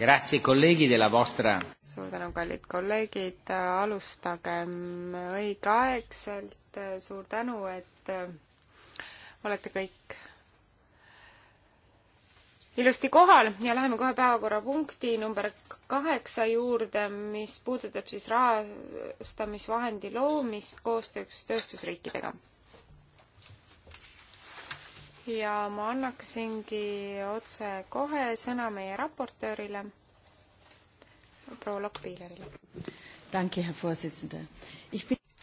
Grazie, kolleegid, della vostra. suur tänu, kallid kolleegid, alustagem õigeaegselt, suur tänu, et äh, olete kõik ilusti kohal ja läheme kohe päevakorrapunkti number kaheksa juurde, mis puudutab siis rahastamisvahendi loomist koostööks tööstusriikidega ja ma annaksingi otsekohe sõna meie raportöörile, proua Lokk-Piilerile.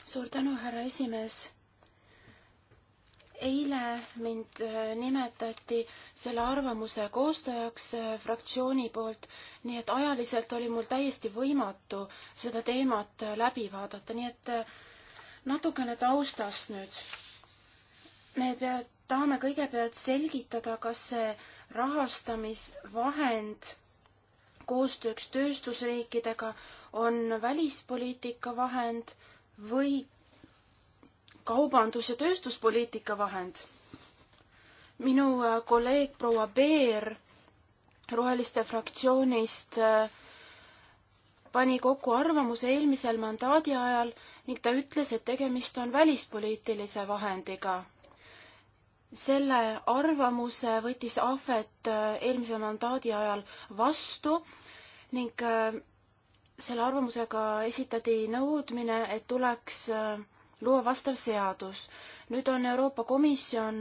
suur tänu, härra esimees. eile mind äh, nimetati selle arvamuse koostajaks äh, fraktsiooni poolt, nii et ajaliselt oli mul täiesti võimatu seda teemat äh, läbi vaadata, nii et natukene taustast nüüd. me pead tahame kõigepealt selgitada, kas see rahastamisvahend koostööks tööstusriikidega on välispoliitika vahend või kaubandus- ja tööstuspoliitika vahend. minu äh, kolleeg proua Peer Roheliste fraktsioonist äh, pani kokku arvamuse eelmisel mandaadi ajal ning ta ütles, et tegemist on välispoliitilise vahendiga selle arvamuse võttis Ahvet äh, eelmise mandaadi ajal vastu ning äh, selle arvamusega esitati nõudmine, et tuleks äh, luua vastav seadus. nüüd on Euroopa Komisjon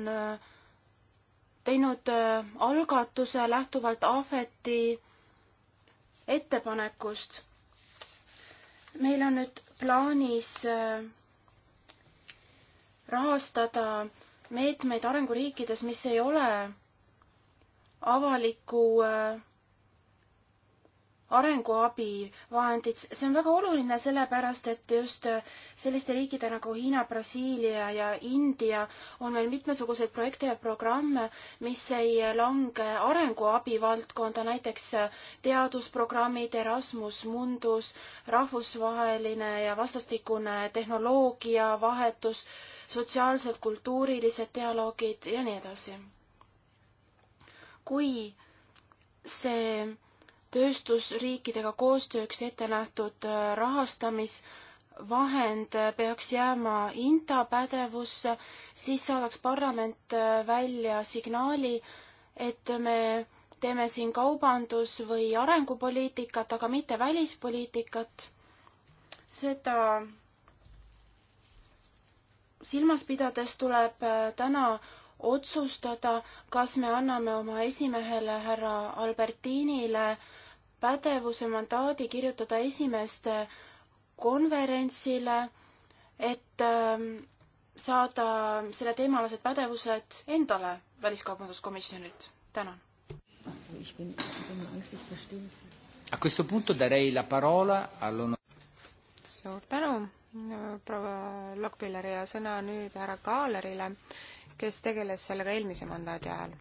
teinud algatuse lähtuvalt Ahveti ettepanekust. meil on nüüd plaanis rahastada meetmeid arenguriikides, mis ei ole avaliku äh, arenguabivahendid, see on väga oluline, sellepärast et just äh, selliste riikide nagu Hiina, Brasiilia ja India on meil mitmesuguseid projekte ja programme, mis ei lange arenguabi valdkonda, näiteks äh, teadusprogrammid Erasmus Mundus, rahvusvaheline ja vastastikune tehnoloogiavahetus, sotsiaalsed, kultuurilised dialoogid ja nii edasi. kui see tööstusriikidega koostööks ette nähtud äh, rahastamisvahend äh, peaks jääma INTA pädevusse, siis saadaks parlament äh, välja signaali, et me teeme siin kaubandus- või arengupoliitikat, aga mitte välispoliitikat. seda silmas pidades tuleb täna otsustada, kas me anname oma esimehele härra Albertinile äh, pädevuse mandaadi kirjutada esimeste konverentsile, et ähm, saada selleteemalised pädevused endale Väliskaubanduskomisjonilt. tänan. A questo punto darei la parola all'on-. suur tänu, proua Lokpiller ja sõna nüüd härra Kaalerile, kes tegeles sellega eelmise mandaadi ajal.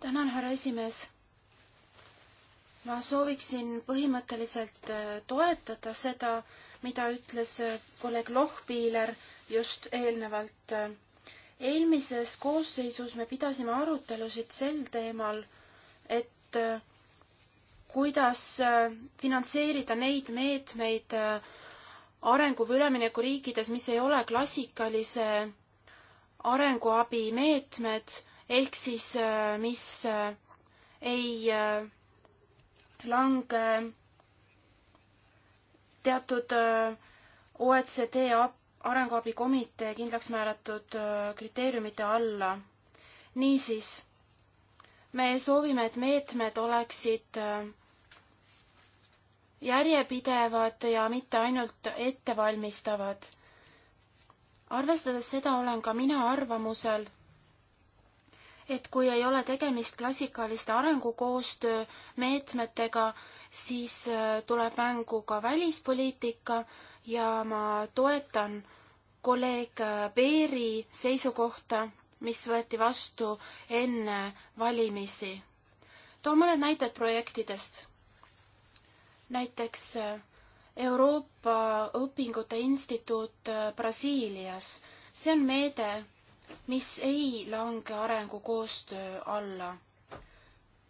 tänan, härra esimees ma sooviksin põhimõtteliselt äh, toetada seda, mida ütles äh, kolleeg Lohpiiler just eelnevalt. Äh. eelmises koosseisus me pidasime arutelusid sel teemal, et kuidas finantseerida neid meetmeid arengu või üleminekuriikides, mis ei ole klassikalise arenguabi meetmed, ehk siis mis ei Lange teatud äh, OECD arenguabikomitee kindlaks määratud äh, kriteeriumite alla. niisiis, me soovime, et meetmed oleksid äh, järjepidevad ja mitte ainult ettevalmistavad. arvestades seda, olen ka mina arvamusel, et kui ei ole tegemist klassikaliste arengukoostöö meetmetega, siis äh, tuleb mängu ka välispoliitika ja ma toetan kolleeg Peeri äh, seisukohta, mis võeti vastu enne valimisi. toon mõned näited projektidest. näiteks äh, Euroopa Õpingute Instituut Brasiilias, see on meede, mis ei lange arengukoostöö alla.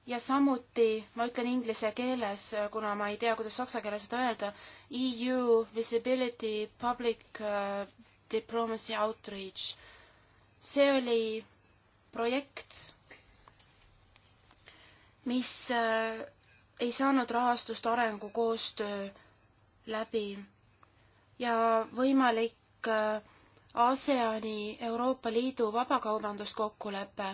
ja samuti, ma ütlen inglise keeles, kuna ma ei tea, kuidas saksa keeles seda öelda, EU visibility public uh, diplomacy outreach. see oli projekt, mis uh, ei saanud rahastust arengukoostöö läbi ja võimalik äh, ASEAN-i Euroopa Liidu vabakaubanduskokkulepe.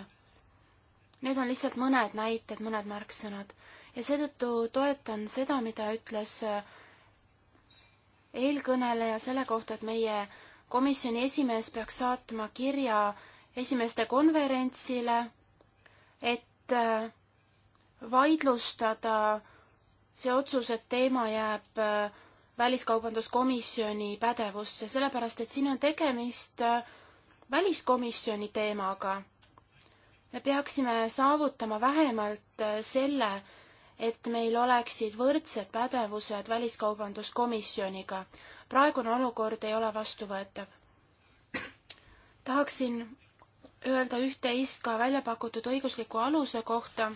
Need on lihtsalt mõned näited, mõned märksõnad ja seetõttu toetan seda, mida ütles äh, eelkõneleja selle kohta, et meie komisjoni esimees peaks saatma kirja esimeeste konverentsile, et äh, vaidlustada see otsus, et teema jääb äh, väliskaubanduskomisjoni pädevusse, sellepärast et siin on tegemist äh, väliskomisjoni teemaga. me peaksime saavutama vähemalt äh, selle, et meil oleksid võrdsed pädevused väliskaubanduskomisjoniga. praegune olukord ei ole vastuvõetav. tahaksin öelda üht-teist ka välja pakutud õigusliku aluse kohta.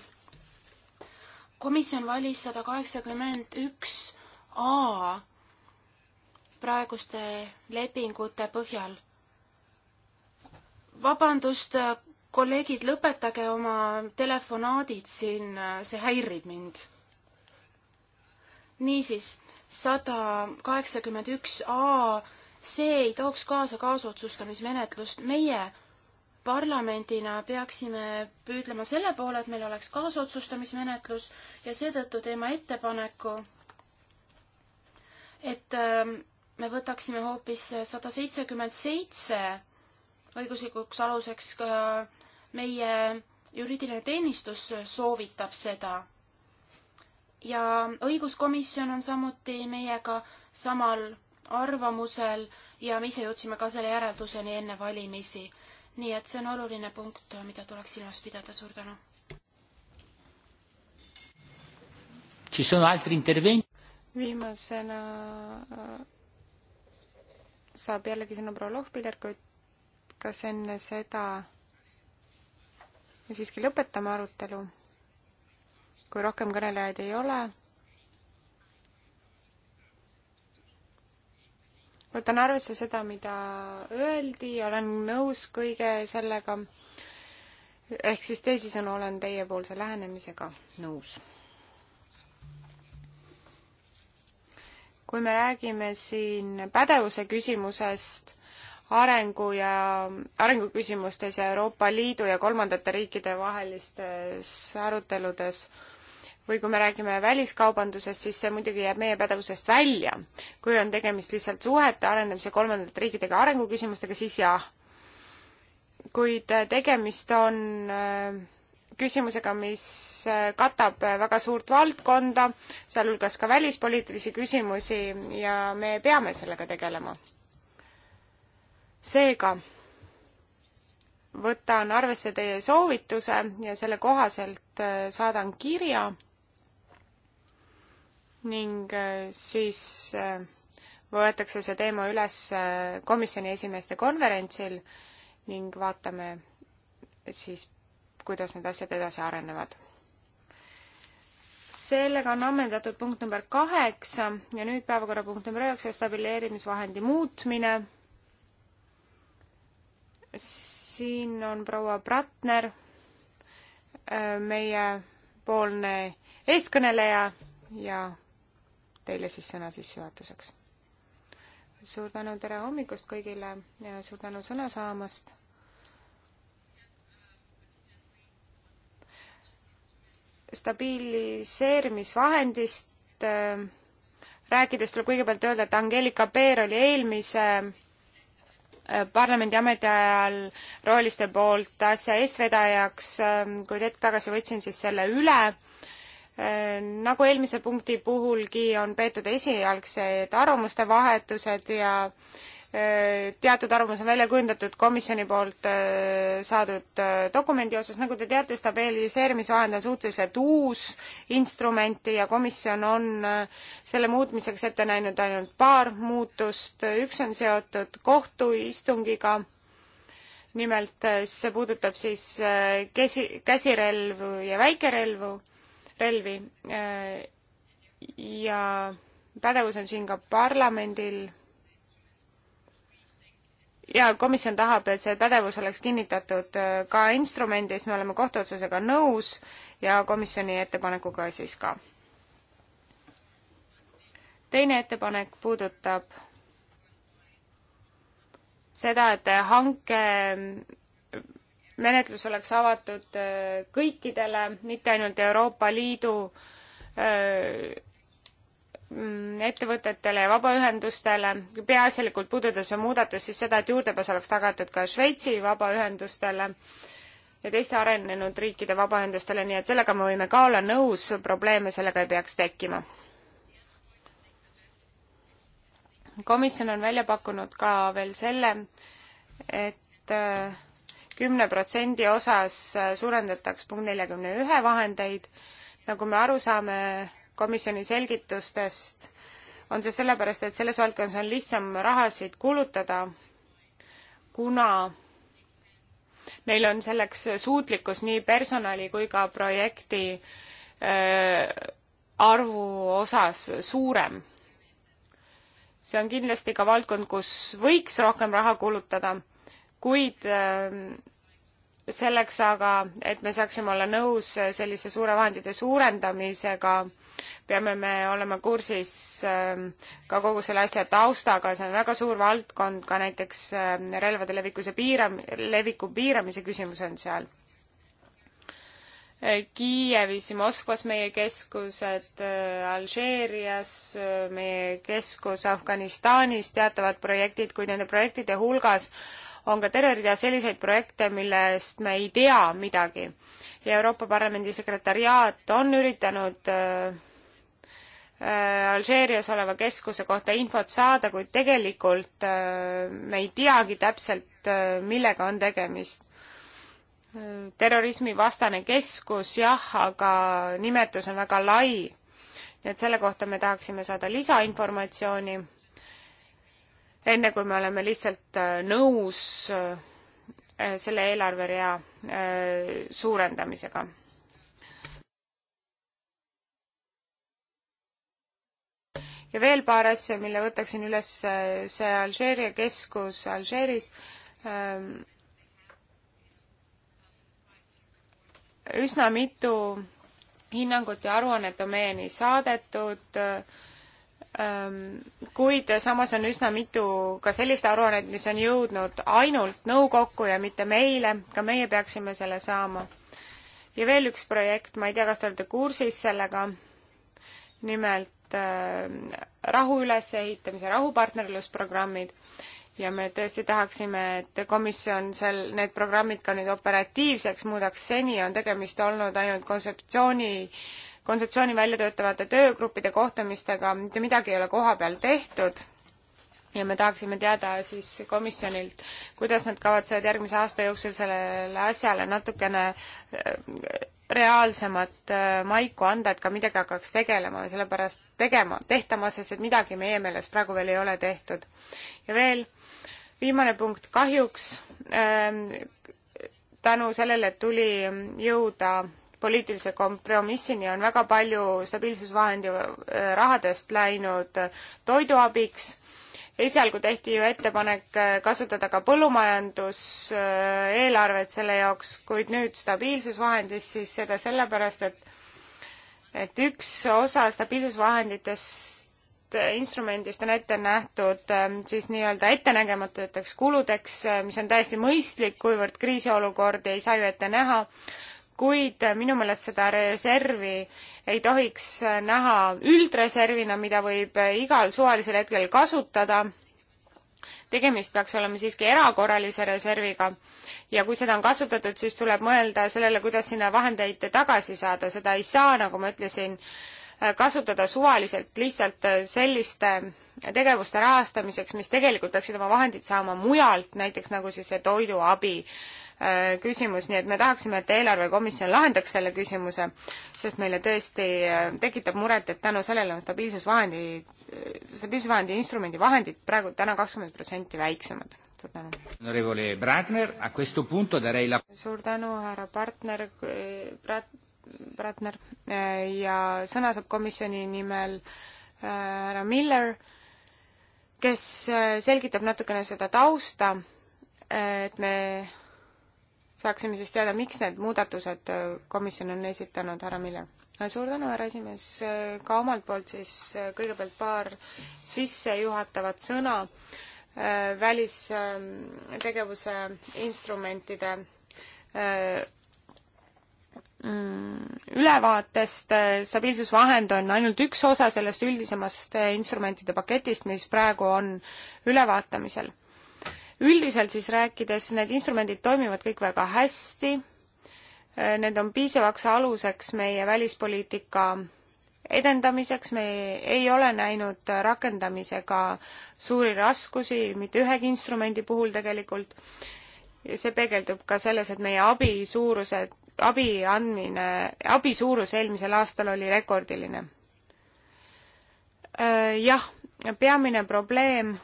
komisjon valis sada kaheksakümmend üks A praeguste lepingute põhjal. vabandust, kolleegid, lõpetage oma telefonaadid siin, see häirib mind. niisiis, sada kaheksakümmend üks A, see ei tooks kaasa kaasotsustamismenetlust, meie parlamendina peaksime püüdlema selle poole, et meil oleks kaasotsustamismenetlus ja seetõttu teeme ettepaneku, et ähm, me võtaksime hoopis sada seitsekümmend seitse õiguslikuks aluseks, ka meie juriidiline teenistus soovitab seda. ja õiguskomisjon on samuti meiega samal arvamusel ja me ise jõudsime ka selle järelduseni enne valimisi. nii et see on oluline punkt, mida tuleks silmas pidada, suur tänu. viimasena saab jällegi sõna proua Lohpiller, kuid kas enne seda me siiski lõpetame arutelu? kui rohkem kõnelejaid ei ole, võtan arvesse seda, mida öeldi, olen nõus kõige sellega, ehk siis teisisõnu olen teiepoolse lähenemisega nõus kui me räägime siin pädevuse küsimusest, arengu ja, arenguküsimustes ja Euroopa Liidu ja kolmandate riikide vahelistes aruteludes, või kui me räägime väliskaubandusest, siis see muidugi jääb meie pädevusest välja. kui on tegemist lihtsalt suhete arendamise kolmandate riikidega arenguküsimustega, siis jah. kuid tegemist on äh, küsimusega, mis äh, katab äh, väga suurt valdkonda, sealhulgas ka välispoliitilisi küsimusi ja me peame sellega tegelema. seega võtan arvesse teie soovituse ja selle kohaselt äh, saadan kirja ning siis võetakse see teema üles komisjoni esimeeste konverentsil ning vaatame siis kuidas need asjad edasi arenevad. sellega on ammendatud punkt number kaheksa ja nüüd päevakorrapunkt number üheksa, stabiliseerimisvahendi muutmine. siin on proua Pratner, meiepoolne eestkõneleja ja teile siis sõna sissejuhatuseks. suur tänu, tere hommikust kõigile ja suur tänu sõna saamast stabiliseerimisvahendist äh, rääkides tuleb kõigepealt öelda, et Angelika Peer oli eelmise äh, parlamendi ametiajal roheliste poolt asja eestvedajaks, äh, kuid hetk tagasi võtsin siis selle üle. nagu eelmise punkti puhulgi, on peetud esialgsed arvamuste vahetused ja äh, teatud arvamus on välja kujundatud komisjoni poolt äh, saadud äh, dokumendi osas, nagu te teate, stabiliseerimisvahend on suhteliselt uus instrument ja komisjon on äh, selle muutmiseks ette näinud ainult paar muutust, üks on seotud kohtuistungiga, nimelt see puudutab siis käsi, käsirelvu ja väikerelvu, relvi ja pädevus on siin ka parlamendil ja komisjon tahab, et see pädevus oleks kinnitatud äh, ka instrumendis, me oleme kohtuotsusega nõus ja komisjoni ettepanekuga siis ka. teine ettepanek puudutab seda, et hanke menetlus oleks avatud äh, kõikidele, mitte ainult Euroopa Liidu äh, Mm, ettevõtetele ja vabaühendustele, peaasjalikult puudutas see muudatus siis seda, et juurdepääs oleks tagatud ka Šveitsi vabaühendustele ja teiste arenenud riikide vabaühendustele, nii et sellega me võime ka olla nõus, probleeme sellega ei peaks tekkima. komisjon on välja pakkunud ka veel selle et, et äh, kümne protsendi osas suurendataks punkt neljakümne ühe vahendeid, nagu me aru saame, komisjoni selgitustest, on see sellepärast, et selles valdkonnas on lihtsam rahasid kulutada, kuna neil on selleks suutlikkus nii personali kui ka projekti äh, arvu osas suurem. see on kindlasti ka valdkond, kus võiks rohkem raha kulutada, kuid äh, selleks aga, et me saaksime olla nõus sellise suure vahendite suurendamisega, peame me olema kursis ähm, ka kogu selle asja taustaga, see on väga suur valdkond, ka näiteks ähm, relvade levikuse piiram-, leviku piiramise küsimus on seal. Äh, Kiievis, Moskvas meie keskused, äh, Alžeerias äh, meie keskus, Afganistanis teatavad projektid, kuid nende projektide hulgas äh, on ka terve rida selliseid projekte, millest me ei tea midagi. ja Euroopa Parlamendi sekretariaat on üritanud äh, äh, Alžeerias oleva keskuse kohta infot saada, kuid tegelikult äh, me ei teagi täpselt, äh, millega on tegemist terrorismivastane keskus, jah, aga nimetus on väga lai. nii et selle kohta me tahaksime saada lisainformatsiooni enne kui me oleme lihtsalt äh, nõus äh, selle eelarverea äh, suurendamisega. ja veel paar asja, mille võtaksin üles, see Alžeeria keskus Alžeeris. Ähm, üsna mitu hinnangut ja aruannet on meieni saadetud äh, Ehm, kuid samas on üsna mitu ka sellist aruannet, mis on jõudnud ainult nõukokku ja mitte meile, ka meie peaksime selle saama. ja veel üks projekt, ma ei tea, kas te olete kursis sellega, nimelt äh, rahu ülesehitamise rahupartnerlusprogrammid ja me tõesti tahaksime, et komisjon seal need programmid ka nüüd operatiivseks muudaks, seni on tegemist olnud ainult kontseptsiooni äh, kontseptsiooni välja töötavate töögruppide kohtumistega, mitte midagi ei ole koha peal tehtud ja me tahaksime teada siis komisjonilt, kuidas nad kavatsevad järgmise aasta jooksul sellele asjale natukene äh, reaalsemat äh, maiku anda, et ka midagi hakkaks tegelema ja sellepärast tegema, tehtama, sest et midagi meie meelest praegu veel ei ole tehtud. ja veel viimane punkt, kahjuks ähm, tänu sellele, et tuli jõuda poliitilise kompromissini on väga palju stabiilsusvahendi äh, rahadest läinud toiduabiks. esialgu tehti ju ettepanek äh, kasutada ka põllumajanduseelarvet äh, selle jaoks, kuid nüüd stabiilsusvahendist siis seda sellepärast, et et üks osa stabiilsusvahenditest instrumendist on ette nähtud ähm, siis nii-öelda ettenägematuteks kuludeks, mis on täiesti mõistlik, kuivõrd kriisiolukordi ei saa ju ette näha, kuid äh, minu meelest seda reservi ei tohiks äh, näha üldreservina, mida võib äh, igal suvalisel hetkel kasutada. tegemist peaks olema siiski erakorralise reserviga ja kui seda on kasutatud, siis tuleb mõelda sellele, kuidas sinna vahendeid tagasi saada, seda ei saa, nagu ma ütlesin, kasutada suvaliselt lihtsalt selliste tegevuste rahastamiseks, mis tegelikult peaksid oma vahendid saama mujalt, näiteks nagu siis see toiduabi äh, Äh, küsimus, nii et me tahaksime, et eelarvekomisjon lahendaks selle küsimuse, sest meile tõesti äh, tekitab muret, et tänu sellele on stabiilsusvahendi, äh, stabiilsusvahendi instrumendi vahendid praegu täna kakskümmend protsenti väiksemad. suur tänu. suur tänu, härra partner, Bratner ja sõna saab komisjoni nimel härra Miller, kes selgitab natukene seda tausta, et me saaksime siis teada, miks need muudatused äh, komisjon on esitanud, härra Miller. Äh, suur tänu, härra esimees, äh, ka omalt poolt siis kõigepealt paar sissejuhatavat sõna välistegevuse ähm, instrumentide mm, ülevaatest, stabiilsusvahend on ainult üks osa sellest üldisemast instrumentide paketist, mis praegu on ülevaatamisel üldiselt siis rääkides, need instrumendid toimivad kõik väga hästi, eh, need on piisavaks aluseks meie välispoliitika edendamiseks, me ei ole näinud rakendamisega suuri raskusi mitte ühegi instrumendi puhul tegelikult. see peegeldub ka selles, et meie abi suuruse, abi andmine, abi suurus eelmisel aastal oli rekordiline. Eh, jah, peamine probleem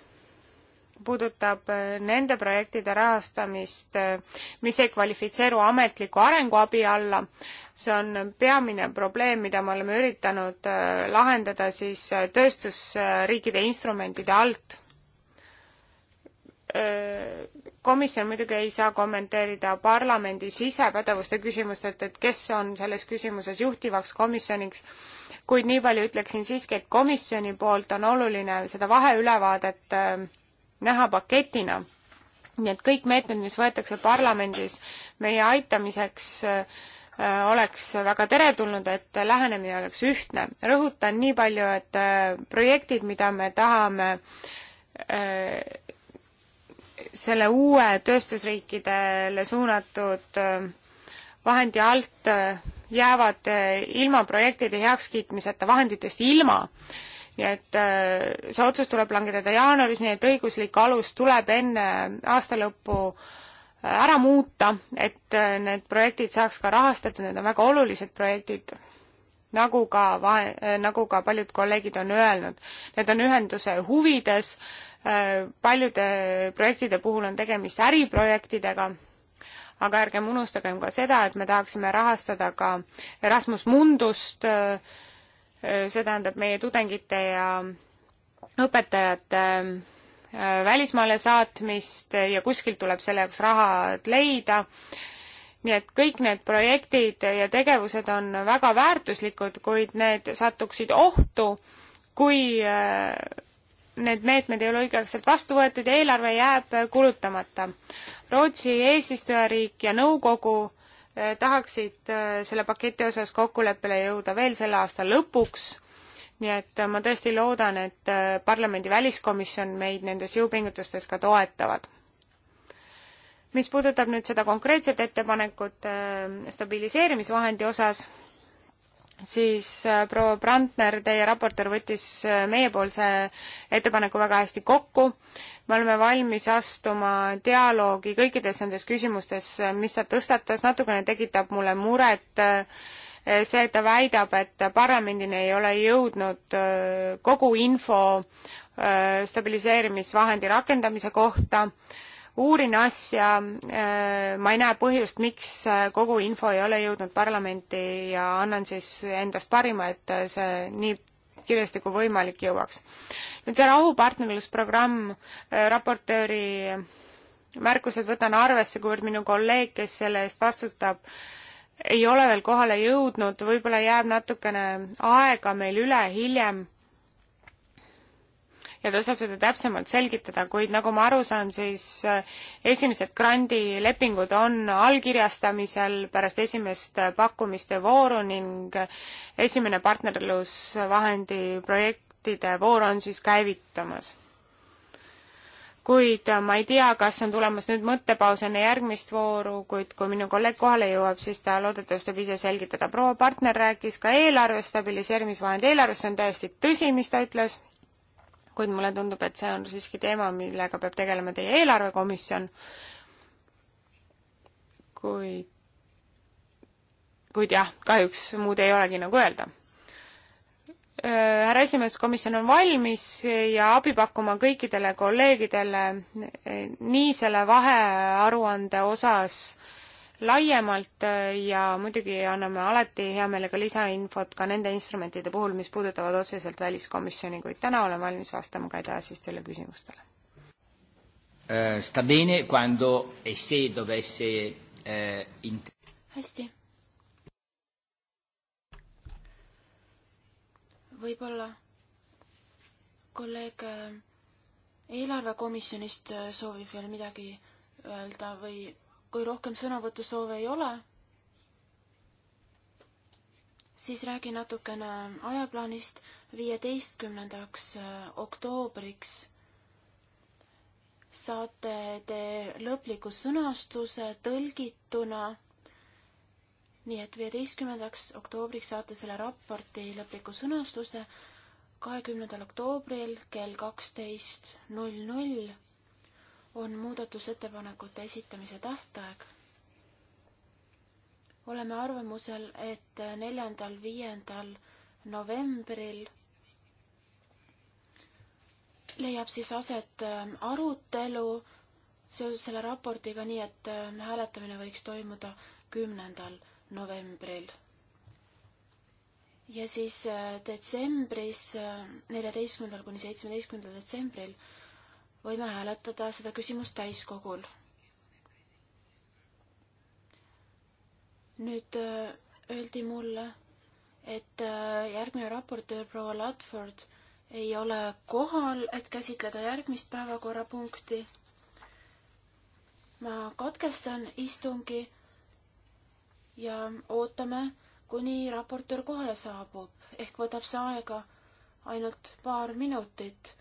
puudutab äh, nende projektide rahastamist, äh, mis ei kvalifitseeru ametliku arenguabi alla. see on peamine probleem, mida me oleme üritanud äh, lahendada siis tööstusriikide instrumentide alt. Komisjon muidugi ei saa kommenteerida parlamendi sisepädevuste küsimust, et, et kes on selles küsimuses juhtivaks komisjoniks kuid nii palju ütleksin siiski, et komisjoni poolt on oluline seda vaheülevaadet näha paketina. nii et kõik meetmed, mis võetakse parlamendis meie aitamiseks, äh, oleks väga teretulnud, et lähenemine oleks ühtne. rõhutan nii palju, et äh, projektid, mida me tahame äh, selle uue tööstusriikidele suunatud vahendi alt jäävad ilma projektide heakskiitmiseta vahenditest ilma nii et äh, see otsus tuleb langetada jaanuaris, nii et õiguslik alus tuleb enne aasta lõppu äh, ära muuta, et äh, need projektid saaks ka rahastatud, need on väga olulised projektid, nagu ka vahe, nagu ka paljud kolleegid on öelnud. Need on ühenduse huvides, paljude projektide puhul on tegemist äriprojektidega, aga ärgem unustagem ka seda, et me tahaksime rahastada ka Erasmus Mundust äh, Äh, see tähendab meie tudengite ja õpetajate äh, välismaale saatmist ja kuskilt tuleb selle jaoks rahad leida. nii et kõik need projektid ja tegevused on väga väärtuslikud, kuid need satuksid ohtu, kui äh, need meetmed ei ole õigeaegselt vastu võetud ja eelarve jääb kulutamata. Rootsi eesistujariik ja nõukogu Eh, tahaksid eh, selle paketi osas kokkuleppele jõuda veel selle aasta lõpuks, nii et eh, ma tõesti loodan, et parlamendi väliskomisjon meid nendes jõupingutustes ka toetavad. mis puudutab nüüd seda konkreetset ettepanekut stabiliseerimisvahendi osas, siis äh, proua Brandner, teie raportöör võttis äh, meiepoolse ettepaneku väga hästi kokku. me oleme valmis astuma dialoogi kõikides nendes küsimustes, äh, mis ta tõstatas, natukene tekitab mulle muret see, et ta väidab, et parlamendini ei ole jõudnud kogu info stabiliseerimisvahendi rakendamise kohta uurin asja, äh, ma ei näe põhjust, miks äh, kogu info ei ole jõudnud parlamenti ja annan siis endast parima, et äh, see nii kiiresti kui võimalik jõuaks. nüüd see rahupartnerlusprogramm, raportööri märkused võtan arvesse, kuivõrd minu kolleeg, kes selle eest vastutab, ei ole veel kohale jõudnud, võib-olla jääb natukene aega meil üle hiljem ja ta saab seda täpsemalt selgitada, kuid nagu ma aru saan, siis äh, esimesed grandilepingud on allkirjastamisel pärast esimest äh, pakkumiste vooru ning äh, esimene partnerlusvahendi projektide voor on siis käivitamas kuid ma ei tea, kas on tulemas nüüd mõttepaus enne järgmist vooru, kuid kui minu kolleeg kohale jõuab, siis ta loodetavasti saab ise selgitada. proua partner rääkis ka eelarve stabiliseerimisvahendi eelarvest, see on täiesti tõsi, mis ta ütles kuid mulle tundub, et see on siiski teema, millega peab tegelema teie eelarvekomisjon. kuid, kuid jah, kahjuks muud ei olegi nagu öelda äh, härra esimees, komisjon on valmis ja abi pakkuma kõikidele kolleegidele äh, nii selle vahearuande osas äh, laiemalt äh, ja muidugi anname alati hea meelega lisainfot ka nende instrumentide puhul, mis puudutavad otseselt väliskomisjoni, kuid täna olen valmis vastama ka edasistele küsimustele äh,. Sta bene quando e se dovesse äh, int-. hästi. võib-olla kolleeg äh, eelarvekomisjonist äh, soovib veel midagi öelda või kui rohkem sõnavõtusoove ei ole, siis räägin natukene ajaplaanist viieteistkümnendaks äh, oktoobriks saate te lõpliku sõnastuse tõlgituna. nii et viieteistkümnendaks oktoobriks saate selle raporti lõpliku sõnastuse kahekümnendal oktoobril kell kaksteist null null on muudatusettepanekute esitamise tähtaeg. oleme arvamusel, et neljandal, viiendal novembril leiab siis aset ähm, arutelu seoses selle raportiga, nii et ähm, hääletamine võiks toimuda kümnendal novembril. ja siis äh, detsembris, äh, neljateistkümnendal kuni seitsmeteistkümnendal detsembril võime hääletada seda küsimust täiskogul. nüüd äh, öeldi mulle, et äh, järgmine raportöör proua Ladford ei ole kohal, et käsitleda järgmist päevakorrapunkti. ma katkestan istungi ja ootame, kuni raportöör kohale saabub, ehk võtab see aega ainult paar minutit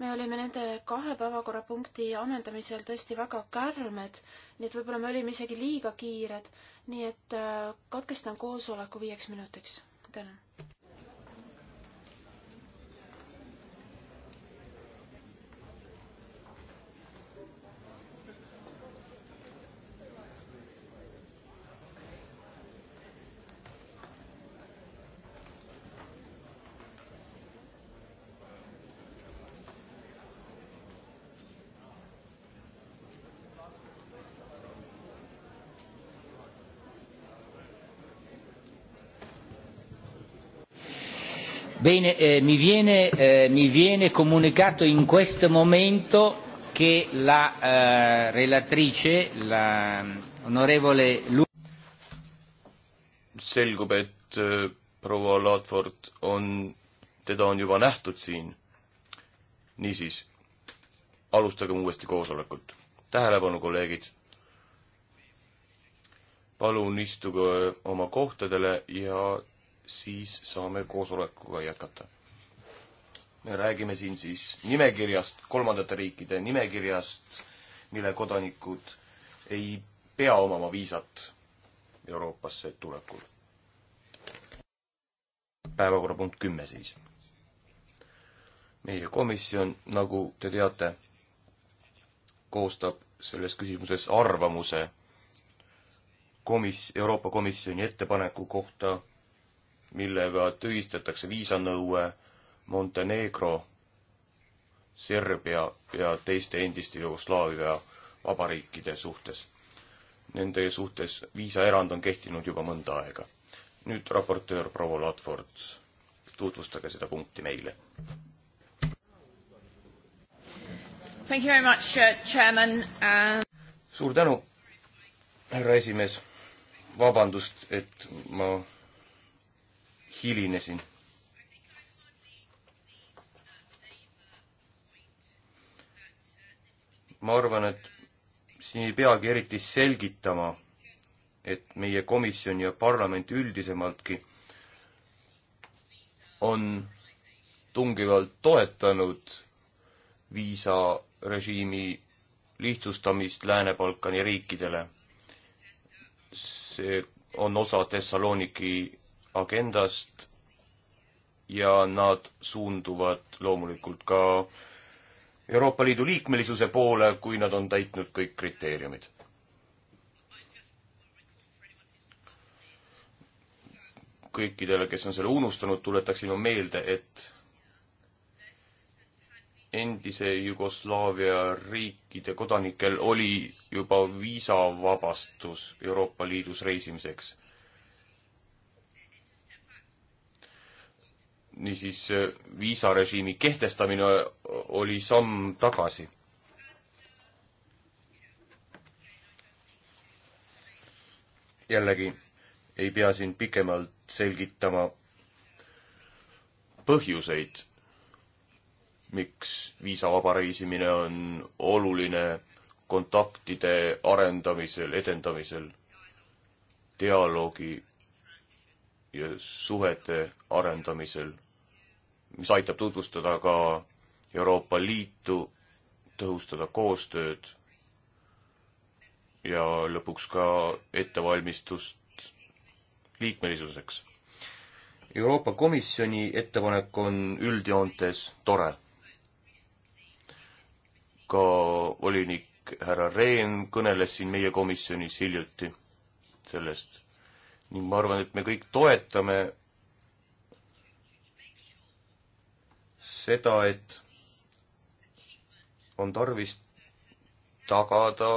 me olime nende kahe päevakorrapunkti ammendamisel tõesti väga kärmed, nii et võib-olla me olime isegi liiga kiired, nii et äh, katkestan koosoleku viieks minutiks. tänan. Bene, eh, mi, viene, eh, mi viene comunicato in questo momento che la eh, relatrice, la mm, onorevole Lu- selgub, et äh, proua Ladford on, teda on juba nähtud siin. niisiis, alustagem uuesti koosolekut. tähelepanu, kolleegid. palun istuge oma kohtadele ja siis saame koosolekuga jätkata. me räägime siin siis nimekirjast, kolmandate riikide nimekirjast, mille kodanikud ei pea omama viisat Euroopasse tulekul. päevakorrapunkt kümme siis. meie komisjon, nagu te teate, koostab selles küsimuses arvamuse komis-, Euroopa Komisjoni ettepaneku kohta millega tühistatakse viisanõue Montenegro, Serbia ja teiste endiste Jugoslaavia vabariikide suhtes. Nende suhtes viisaerand on kehtinud juba mõnda aega. nüüd raportöör proua Ladford, tutvustage seda punkti meile. Thank you very much, uh, Chairman uh.... suur tänu, härra esimees. vabandust, et ma hilinesin. ma arvan, et siin ei peagi eriti selgitama, et meie komisjon ja parlament üldisemaltki on tungivalt toetanud viisarežiimi lihtsustamist Lääne-Balkani riikidele. see on osa Thessaloniki agendast ja nad suunduvad loomulikult ka Euroopa Liidu liikmelisuse poole, kui nad on täitnud kõik kriteeriumid. kõikidele, kes on selle unustanud, tuletaksin ma meelde, et endise Jugoslaavia riikide kodanikel oli juba viisavabastus Euroopa Liidus reisimiseks niisiis äh, viisarežiimi kehtestamine äh, oli samm tagasi. jällegi ei pea siin pikemalt selgitama põhjuseid, miks viisavaba reisimine on oluline kontaktide arendamisel, edendamisel, dialoogi ja suhete arendamisel mis aitab tutvustada ka Euroopa Liitu, tõhustada koostööd ja lõpuks ka ettevalmistust liikmelisuseks. Euroopa Komisjoni ettepanek on üldjoontes tore. ka volinik härra Rehn kõneles siin meie komisjonis hiljuti sellest ning ma arvan, et me kõik toetame seda, et on tarvis tagada,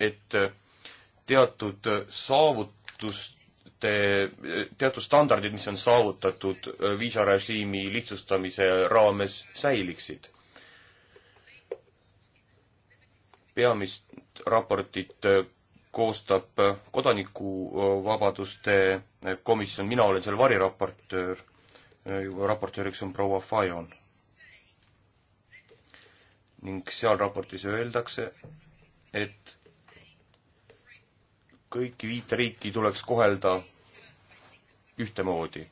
et teatud saavutuste, teatud standardid, mis on saavutatud viisarežiimi lihtsustamise raames, säiliksid. peamist raportit koostab äh, kodanikuvabaduste äh, komisjon, mina olen seal variraportöör, äh, raportööriks on proua Fajon. ning seal raportis öeldakse, et kõiki viite riiki tuleks kohelda ühtemoodi.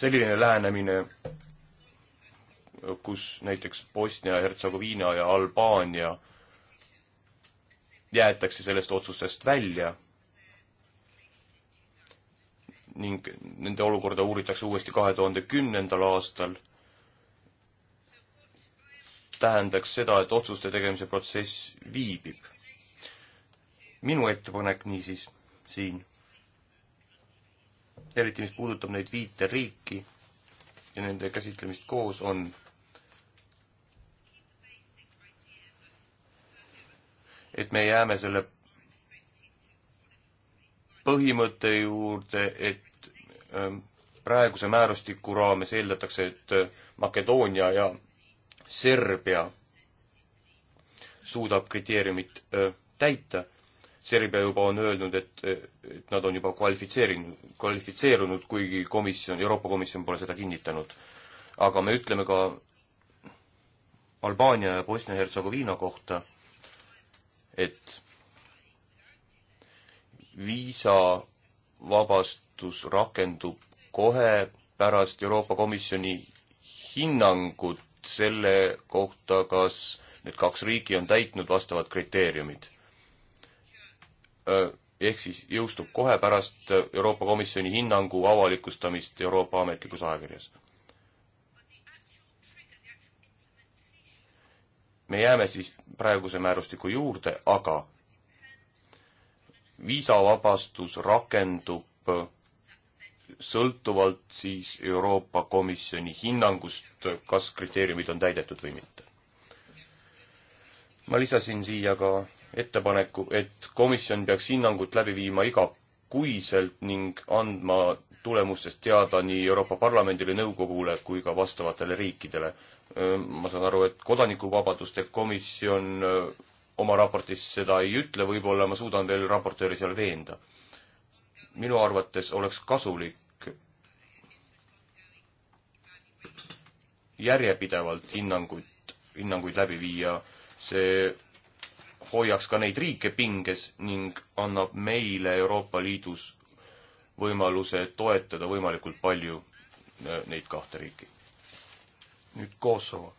selline lähenemine kus näiteks Bosnia, Hertsegoviina ja Albaania jäetakse sellest otsusest välja ning nende olukorda uuritakse uuesti kahe tuhande kümnendal aastal, tähendaks seda, et otsuste tegemise protsess viibib. minu ettepanek niisiis siin, eriti mis puudutab neid viite riiki ja nende käsitlemist koos, on et me jääme selle põhimõtte juurde, et ähm, praeguse määrustiku raames eeldatakse, et äh, Makedoonia ja Serbia suudab kriteeriumit äh, täita. Serbia juba on öelnud, et, äh, et nad on juba kvalifitseerinud, kvalifitseerunud, kuigi komisjon, Euroopa Komisjon pole seda kinnitanud. aga me ütleme ka Albaania ja Bosnia-Hertsegoviina kohta, et viisavabastus rakendub kohe pärast Euroopa Komisjoni hinnangut selle kohta, kas need kaks riiki on täitnud vastavad kriteeriumid. ehk siis jõustub kohe pärast Euroopa Komisjoni hinnangu avalikustamist Euroopa ametlikus ajakirjas. me jääme siis praeguse määrustiku juurde, aga viisavabastus rakendub sõltuvalt siis Euroopa Komisjoni hinnangust, kas kriteeriumid on täidetud või mitte. ma lisasin siia ka ettepaneku, et komisjon peaks hinnangut läbi viima igakuiselt ning andma tulemustest teada nii Euroopa Parlamendile, nõukogule kui ka vastavatele riikidele. ma saan aru, et kodanikuvabaduste komisjon oma raportis seda ei ütle, võib-olla ma suudan veel raportööri seal veenda. minu arvates oleks kasulik järjepidevalt hinnanguid, hinnanguid läbi viia, see hoiaks ka neid riike pinges ning annab meile Euroopa Liidus võimaluse toetada võimalikult palju äh, neid kahte riiki. nüüd Kosovo.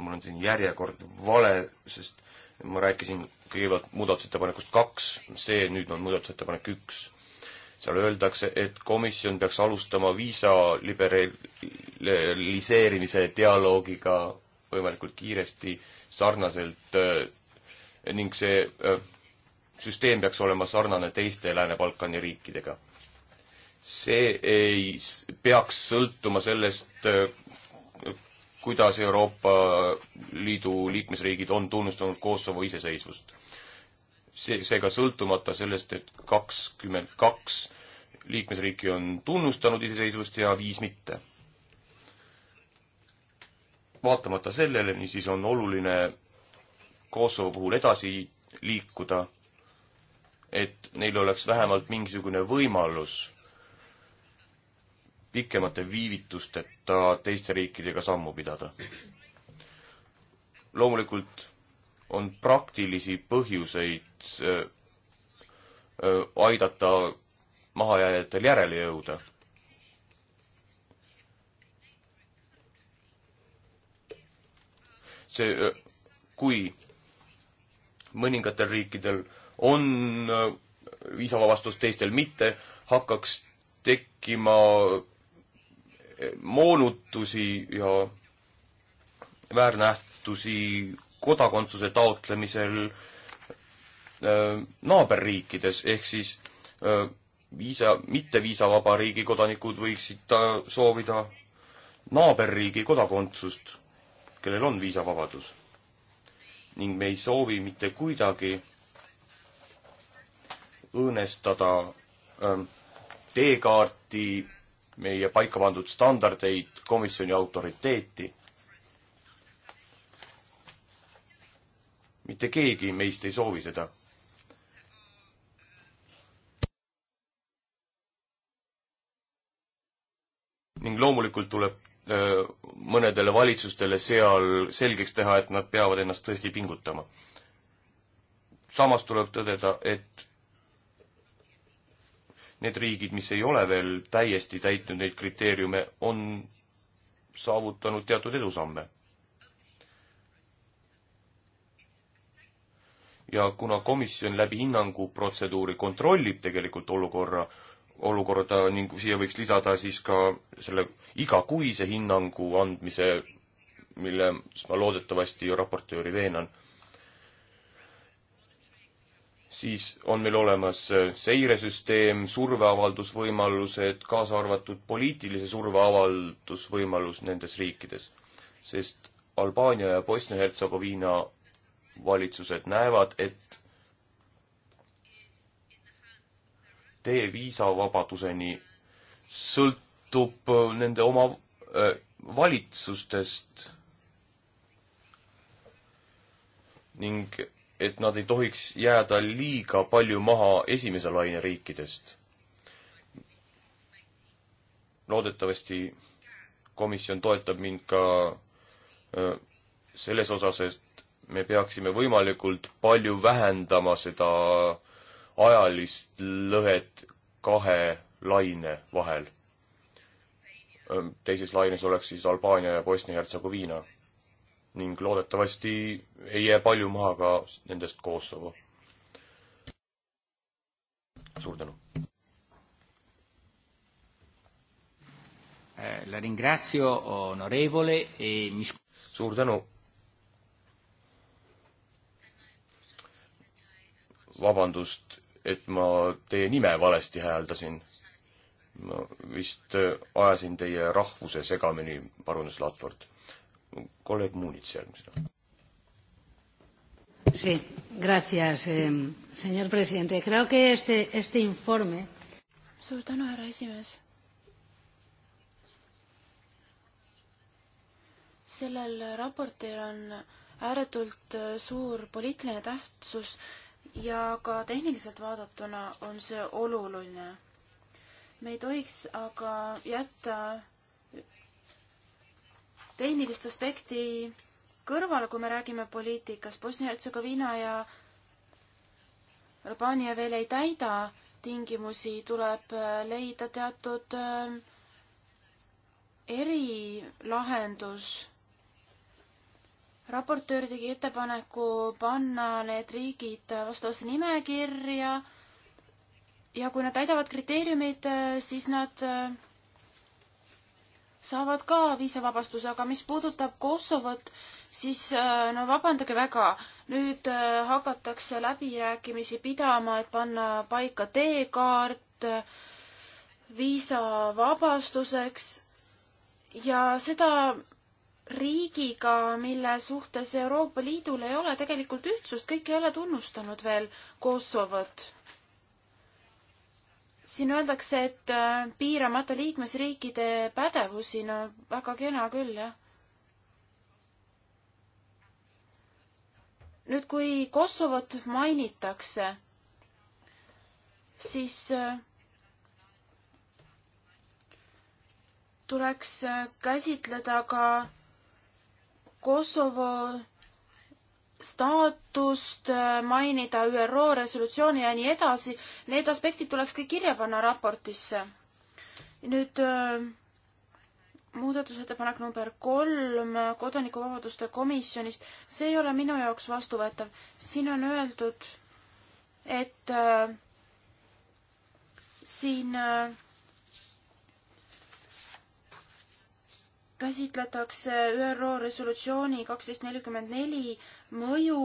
mul on siin järjekord vale, sest ma rääkisin kõigepealt muudatusettepanekust kaks, see nüüd on muudatusettepanek üks. seal öeldakse, et komisjon peaks alustama viisa liberaliseerimise dialoogiga võimalikult kiiresti sarnaselt äh, ning see äh, süsteem peaks olema sarnane teiste Lääne-Balkani riikidega. see ei peaks sõltuma sellest, äh, kuidas Euroopa Liidu liikmesriigid on tunnustanud Kosovo iseseisvust. see, seega sõltumata sellest, et kakskümmend kaks liikmesriiki on tunnustanud iseseisvust ja viis mitte. vaatamata sellele, niisiis on oluline Kosovo puhul edasi liikuda et neil oleks vähemalt mingisugune võimalus pikemate viivitusteta teiste riikidega sammu pidada. loomulikult on praktilisi põhjuseid äh, äh, aidata mahajääjatel järele jõuda. see äh,, kui mõningatel riikidel äh, on viisavabastus, äh, teistel mitte, hakkaks tekkima eh, moonutusi ja väärnähtusi kodakondsuse taotlemisel äh, naaberriikides, ehk siis äh, viisa, mitte viisavaba riigi kodanikud võiksid soovida naaberriigi kodakondsust, kellel on viisavabadus. ning me ei soovi mitte kuidagi õõnestada ähm, teekaarti, meie paika pandud standardeid, komisjoni autoriteeti. mitte keegi meist ei soovi seda ning loomulikult tuleb öö, äh, mõnedele valitsustele seal selgeks teha, et nad peavad ennast tõesti pingutama. samas tuleb tõdeda, et need riigid, mis ei ole veel täiesti täitnud neid kriteeriume, on saavutanud teatud edusamme. ja kuna komisjon läbi hinnanguprotseduuri kontrollib tegelikult olukorra, olukorda ning siia võiks lisada siis ka selle igakuise hinnangu andmise, milles ma loodetavasti raportööri veenan siis on meil olemas äh, seiresüsteem, surveavaldusvõimalused, kaasa arvatud poliitilise surveavaldusvõimalus nendes riikides. sest Albaania ja Bosnia-Hertsegoviina valitsused näevad, et tee viisavabaduseni sõltub nende oma äh, valitsustest ning et nad ei tohiks jääda liiga palju maha esimese laine riikidest. loodetavasti komisjon toetab mind ka selles osas, et me peaksime võimalikult palju vähendama seda ajalist lõhet kahe laine vahel. teises laines oleks siis Albaania ja Bosnia-Hertsegoviina ning loodetavasti ei jää palju maha ka nendest Kosovo. suur tänu. Eh, la ringrazio onorevole e mis... suur tänu. vabandust, et ma teie nime valesti hääldasin. ma vist eh, ajasin teie rahvuse segamini, parundas Ladford kolleeg Muunits järgmisena. Sí, gracias, eh, señor presidente. Creo que este, este informe. Suur tänu, härra esimees. sellel raportil on ääretult suur poliitiline tähtsus ja ka tehniliselt vaadatuna on see oluline. me ei tohiks aga jätta tehnilist aspekti kõrvale, kui me räägime poliitikast, Bosnia-Hertsegoviina ja Albaania veel ei täida tingimusi, tuleb äh, leida teatud äh, erilahendus. raportöör tegi ettepaneku panna need riigid vastavasse nimekirja ja kui nad täidavad kriteeriumid, äh, siis nad saavad ka viisavabastuse, aga mis puudutab Kosovot, siis äh, no vabandage väga, nüüd äh, hakatakse läbirääkimisi pidama, et panna paika teekaart äh, viisavabastuseks ja seda riigiga, mille suhtes Euroopa Liidul ei ole tegelikult ühtsust, kõik ei ole tunnustanud veel Kosovot siin öeldakse, et äh, piiramata liikmesriikide pädevusi, no väga kena küll, jah. nüüd, kui Kosovot mainitakse, siis äh, tuleks äh, käsitleda ka Kosovo staatust, äh, mainida ÜRO resolutsiooni ja nii edasi, need aspektid tuleks kõik kirja panna raportisse. nüüd äh, muudatusettepanek number kolm Kodanikuvabaduste komisjonist, see ei ole minu jaoks vastuvõetav. siin on öeldud, et äh, siin äh, käsitletakse ÜRO resolutsiooni kaksteist nelikümmend neli mõju,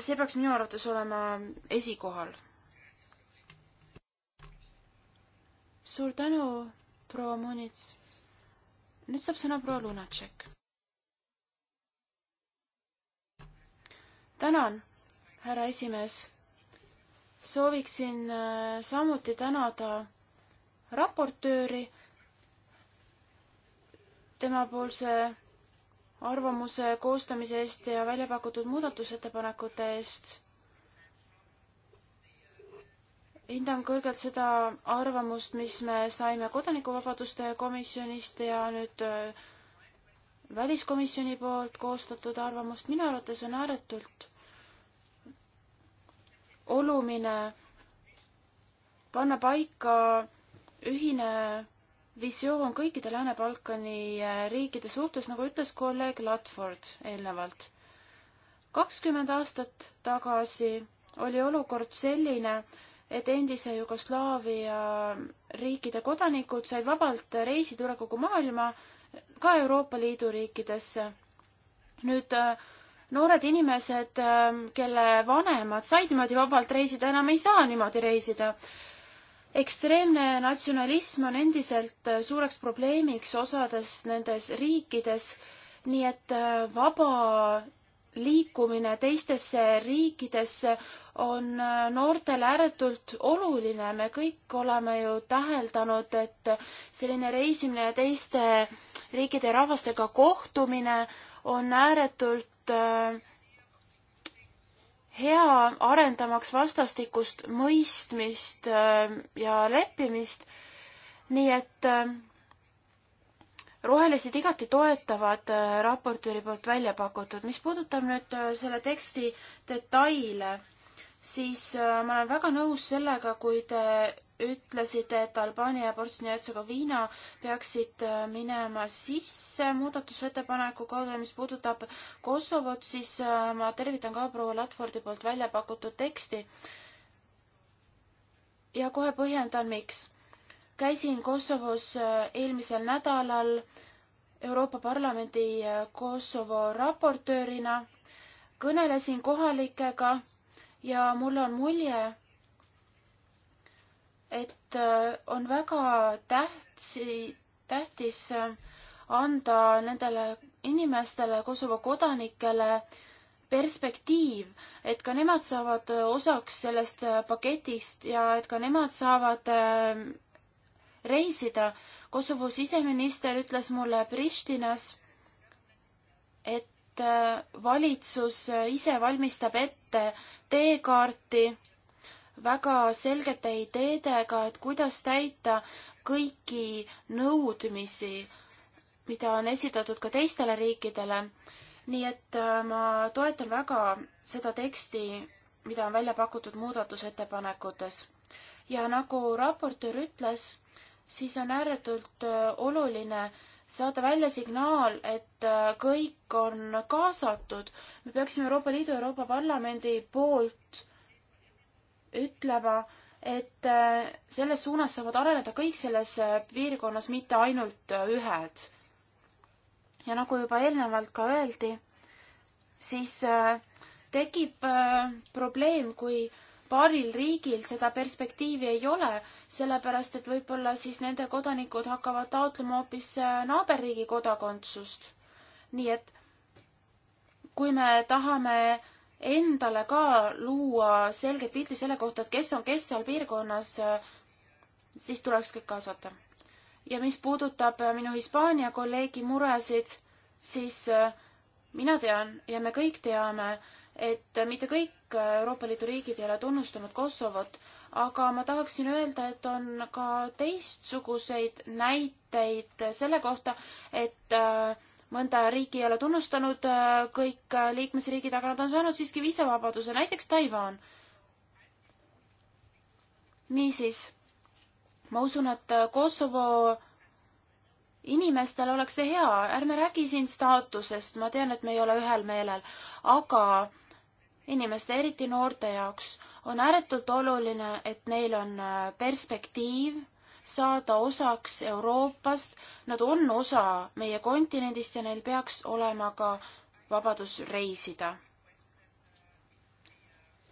see peaks minu arvates olema esikohal. suur tänu, proua Munits. nüüd saab sõna proua Lunatšek. tänan, härra esimees. sooviksin äh, samuti tänada raportööri, temapoolse arvamuse koostamise eest ja välja pakutud muudatusettepanekute eest. hindan kõrgelt seda arvamust, mis me saime Kodanikuvabaduste komisjonist ja nüüd äh, väliskomisjoni poolt koostatud arvamust. minu arvates on ääretult oluline panna paika ühine visioon kõikide Lääne-Balkani äh, riikide suhtes, nagu ütles kolleeg Latford eelnevalt. kakskümmend aastat tagasi oli olukord selline, et endise Jugoslaavia äh, riikide kodanikud said vabalt reisida üle kogu maailma, ka Euroopa Liidu riikidesse. nüüd äh, noored inimesed, kelle vanemad said niimoodi vabalt reisida, enam ei saa niimoodi reisida ekstreemne natsionalism on endiselt äh, suureks probleemiks osades nendes riikides, nii et äh, vaba liikumine teistesse riikidesse on äh, noortele ääretult oluline. me kõik oleme ju täheldanud, et selline reisimine ja teiste riikide ja rahvastega kohtumine on ääretult äh, hea arendamaks vastastikust mõistmist äh, ja leppimist, nii et äh, rohelised igati toetavad äh, raportööri poolt välja pakutud. mis puudutab nüüd selle teksti detaile siis äh, ma olen väga nõus sellega, kui te ütlesite, et Albaania ja Bosnia-Hertsegoviina peaksid äh, minema sisse muudatusettepaneku kaudu, mis puudutab Kosovot, siis äh, ma tervitan ka proua Ladfordi poolt välja pakutud teksti. ja kohe põhjendan, miks. käisin Kosovos eelmisel nädalal Euroopa Parlamendi Kosovo raportöörina, kõnelesin kohalikega ja mul on mulje, et äh, on väga tähtsi, tähtis äh, anda nendele inimestele, Kosovo kodanikele perspektiiv, et ka nemad saavad äh, osaks sellest paketist ja et ka nemad saavad reisida. Kosovo siseminister ütles mulle Pristinas, et valitsus ise valmistab ette teekaarti väga selgete ideedega, et kuidas täita kõiki nõudmisi, mida on esitatud ka teistele riikidele. nii et äh, ma toetan väga seda teksti, mida on välja pakutud muudatusettepanekutes. ja nagu raportöör ütles, siis on ääretult äh, oluline, saada välja signaal, et äh, kõik on kaasatud. me peaksime Euroopa Liidu, Euroopa Parlamendi poolt ütlema, et äh, selles suunas saavad areneda kõik selles äh, piirkonnas, mitte ainult ühed. ja nagu juba eelnevalt ka öeldi, siis tekib probleem, kui äh, paaril riigil seda perspektiivi ei ole, sellepärast et võib-olla siis nende kodanikud hakkavad taotlema hoopis äh, naaberriigi kodakondsust. nii et kui me tahame endale ka luua selget pilti selle kohta, et kes on kes seal piirkonnas, äh, siis tuleks kõik kaasata. ja mis puudutab äh, minu Hispaania kolleegi muresid, siis mina tean ja me kõik teame, et mitte kõik Euroopa Liidu riigid ei ole tunnustanud Kosovot, aga ma tahaksin öelda, et on ka teistsuguseid näiteid selle kohta, et äh, mõnda riiki ei ole tunnustanud äh, kõik liikmesriigid, aga nad on saanud siiski viisavabaduse, näiteks Taiwan. niisiis, ma usun, et Kosovo inimestel oleks see hea, ärme räägi siin staatusest, ma tean, et me ei ole ühel meelel, aga inimeste, eriti noorte jaoks, on ääretult oluline, et neil on äh, perspektiiv saada osaks Euroopast, nad on osa meie kontinendist ja neil peaks olema ka vabadus reisida.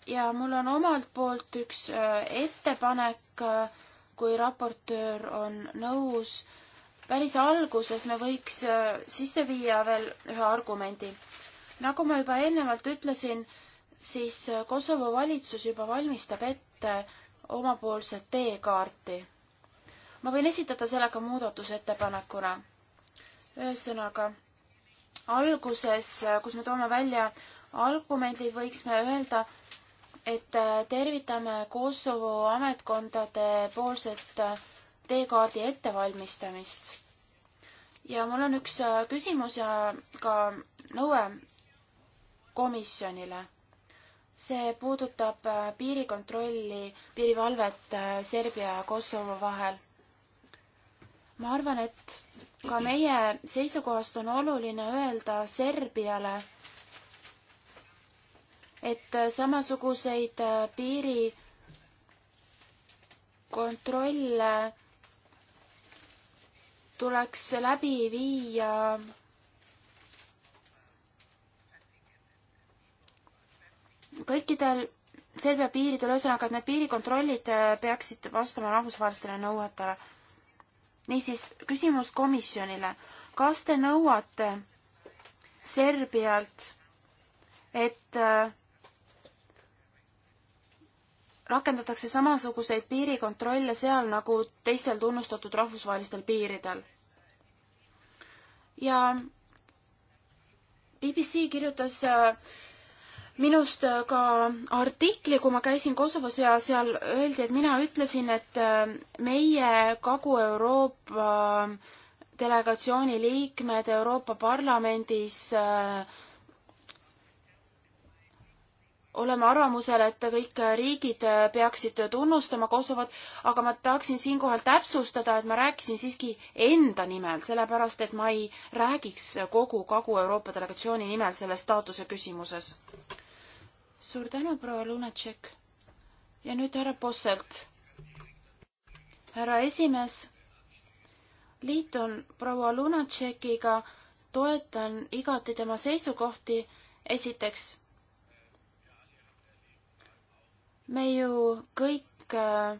ja mul on omalt poolt üks äh, ettepanek, äh, kui raportöör on nõus, päris alguses me võiks sisse viia veel ühe argumendi. nagu ma juba eelnevalt ütlesin, siis äh, Kosovo valitsus juba valmistab ette omapoolset teekaarti. ma võin esitada selle ka muudatusettepanekuna. ühesõnaga, alguses, äh, kus me toome välja argumendid, võiks me öelda, et äh, tervitame Kosovo ametkondade poolset teekaardi ettevalmistamist. ja mul on üks küsimus ja ka nõue komisjonile see puudutab äh, piirikontrolli, piirivalvet äh, Serbia ja Kosovo vahel. ma arvan, et ka meie seisukohast on oluline öelda Serbiale, et äh, samasuguseid piirikontrolle tuleks läbi viia kõikidel Serbia piiridel, ühesõnaga, et need piirikontrollid äh, peaksid vastama rahvusvahelistele nõuetele. niisiis, küsimus komisjonile. kas te nõuate Serbialt, et äh, rakendatakse samasuguseid piirikontrolle seal nagu teistel tunnustatud rahvusvahelistel piiridel? ja BBC kirjutas äh, minust äh, ka artikli, kui ma käisin Kosovos ja seal öeldi, et mina ütlesin, et äh, meie Kagu-Euroopa delegatsiooni liikmed Euroopa Parlamendis äh, oleme arvamusel, et kõik riigid peaksid tunnustama Kosovot, aga ma tahaksin siinkohal täpsustada, et ma rääkisin siiski enda nimel, sellepärast et ma ei räägiks kogu Kagu-Euroopa delegatsiooni nimel selles staatuse küsimuses suur tänu, proua Lunatšek. ja nüüd härra Posselt. härra esimees, liitun proua Lunatšekiga, toetan igati tema seisukohti. esiteks, me ju kõik äh,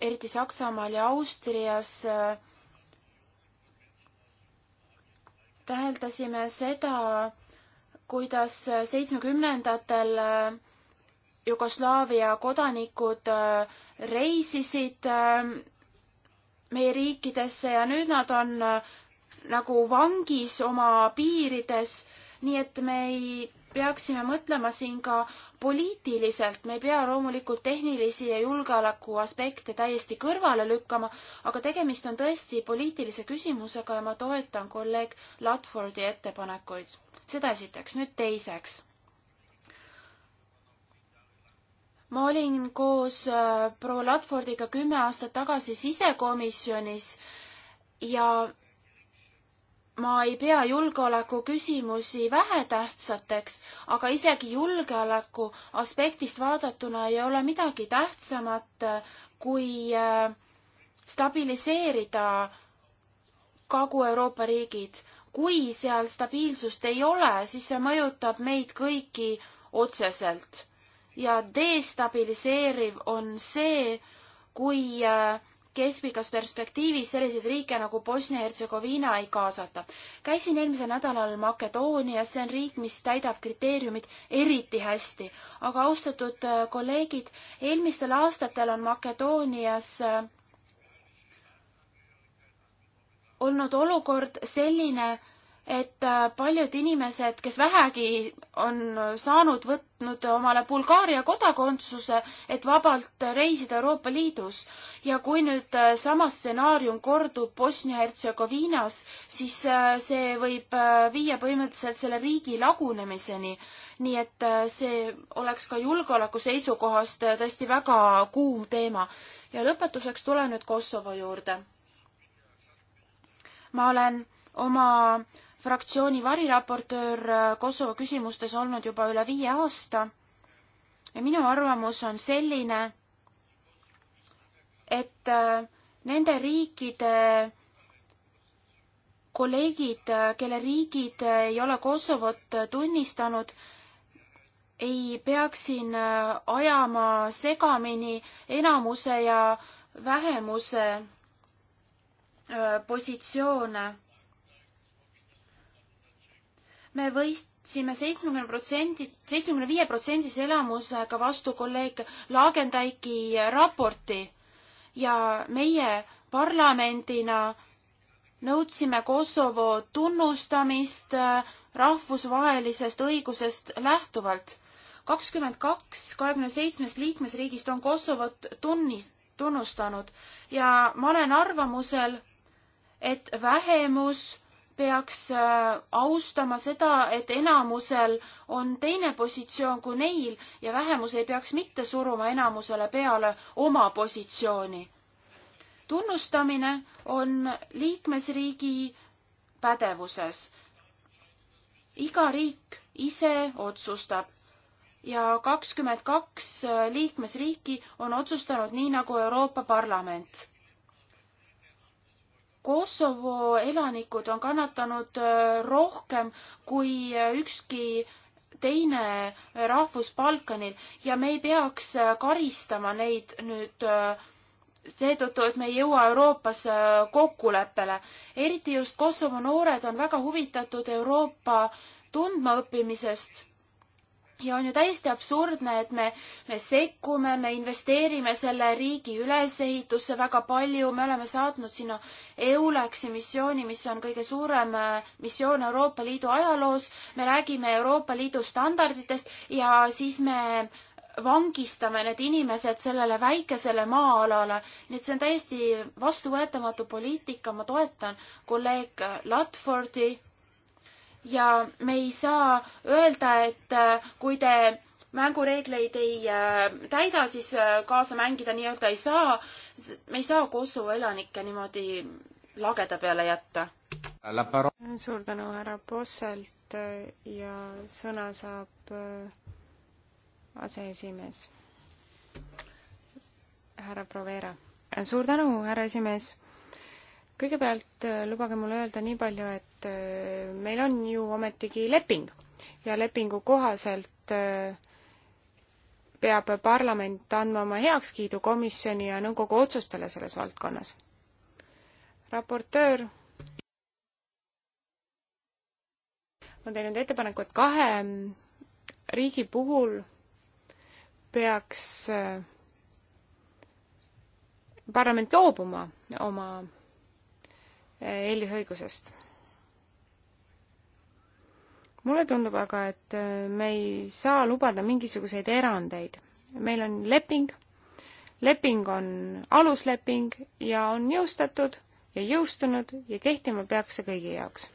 eriti Saksamaal ja Austrias äh, täheldasime seda, kuidas seitsmekümnendatel äh, Jugoslaavia kodanikud äh, reisisid äh, meie riikidesse ja nüüd nad on nagu vangis oma piirides, nii et me ei, peaksime mõtlema siin ka poliitiliselt me ei pea loomulikult tehnilisi ja julgeoleku aspekte täiesti kõrvale lükkama, aga tegemist on tõesti poliitilise küsimusega ja ma toetan kolleeg Ladfordi ettepanekuid. seda esiteks, nüüd teiseks. ma olin koos äh, proua Ladfordiga kümme aastat tagasi sisekomisjonis ja ma ei pea julgeoleku küsimusi vähetähtsateks, aga isegi julgeoleku aspektist vaadatuna ei ole midagi tähtsamat kui äh, stabiliseerida Kagu-Euroopa riigid. kui seal stabiilsust ei ole, siis see mõjutab meid kõiki otseselt. ja destabiliseeriv on see, kui äh, keskpikas perspektiivis selliseid riike nagu Bosnia-Hertsegoviina ei kaasata. käisin eelmisel nädalal Makedoonias, see on riik, mis täidab kriteeriumid eriti hästi. aga austatud äh, kolleegid, eelmistel aastatel on Makedoonias äh, olnud olukord selline, et äh, paljud inimesed, kes vähegi on saanud, võtnud omale Bulgaaria kodakondsuse, et vabalt reisida Euroopa Liidus. ja kui nüüd äh, sama stsenaarium kordub Bosnia-Hertsegoviinas, siis äh, see võib viia põhimõtteliselt selle riigi lagunemiseni. nii et see oleks ka julgeoleku seisukohast tõesti väga kuum teema. ja lõpetuseks tulen nüüd Kosovo juurde. ma olen oma fraktsiooni variraportöör äh, Kosovo küsimustes olnud juba üle viie aasta ja minu arvamus on selline, et äh, nende riikide kolleegid, äh, kelle riigid ei ole Kosovot tunnistanud, ei peaks siin ajama segamini enamuse ja vähemuse positsioone me võistsime seitsmekümne protsendi, seitsmekümne viie protsendise elamusega vastu kolleeg Laagendaiki raporti ja meie parlamendina nõudsime Kosovo tunnustamist äh, rahvusvahelisest õigusest lähtuvalt. kakskümmend kaks kahekümne seitsmest liikmesriigist on Kosovot tunni, tunnustanud ja ma olen arvamusel, et vähemus peaks äh, austama seda, et enamusel on teine positsioon kui neil ja vähemus ei peaks mitte suruma enamusele peale oma positsiooni. tunnustamine on liikmesriigi pädevuses. iga riik ise otsustab ja kakskümmend kaks äh, liikmesriiki on otsustanud nii, nagu Euroopa Parlament Kosovo elanikud on kannatanud äh, rohkem kui äh, ükski teine rahvus Balkanil ja me ei peaks äh, karistama neid nüüd seetõttu, et me ei jõua Euroopas kokkuleppele. eriti just Kosovo noored on väga huvitatud Euroopa tundmaõppimisest ja on ju täiesti absurdne, et me, me sekkume, me investeerime selle riigi ülesehitusse väga palju, me oleme saatnud sinna EULEX-i missiooni, mis on kõige suurem äh, missioon Euroopa Liidu ajaloos, me räägime Euroopa Liidu standarditest ja siis me vangistame need inimesed sellele väikesele maa-alale, nii et see on täiesti vastuvõetamatu poliitika, ma toetan kolleeg Ladfordi ja me ei saa öelda, et äh, kui te mängureegleid ei äh, täida, siis äh, kaasa mängida nii-öelda ei saa. me ei saa Kosovo elanikke niimoodi lageda peale jätta. suur tänu härra Posselt ja sõna saab aseesimees härra Provera. suur tänu, härra esimees. kõigepealt lubage mul öelda nii palju, et et äh, meil on ju ometigi leping ja lepingu kohaselt äh, peab parlament andma oma heakskiidu komisjoni ja nõukogu otsustele selles valdkonnas. raportöör on teinud ettepaneku, et kahe riigi puhul peaks äh, parlament loobuma oma eelisõigusest mulle tundub aga, et äh, me ei saa lubada mingisuguseid erandeid. meil on leping, leping on alusleping ja on jõustatud ja jõustunud ja kehtima peaks see kõigi jaoks.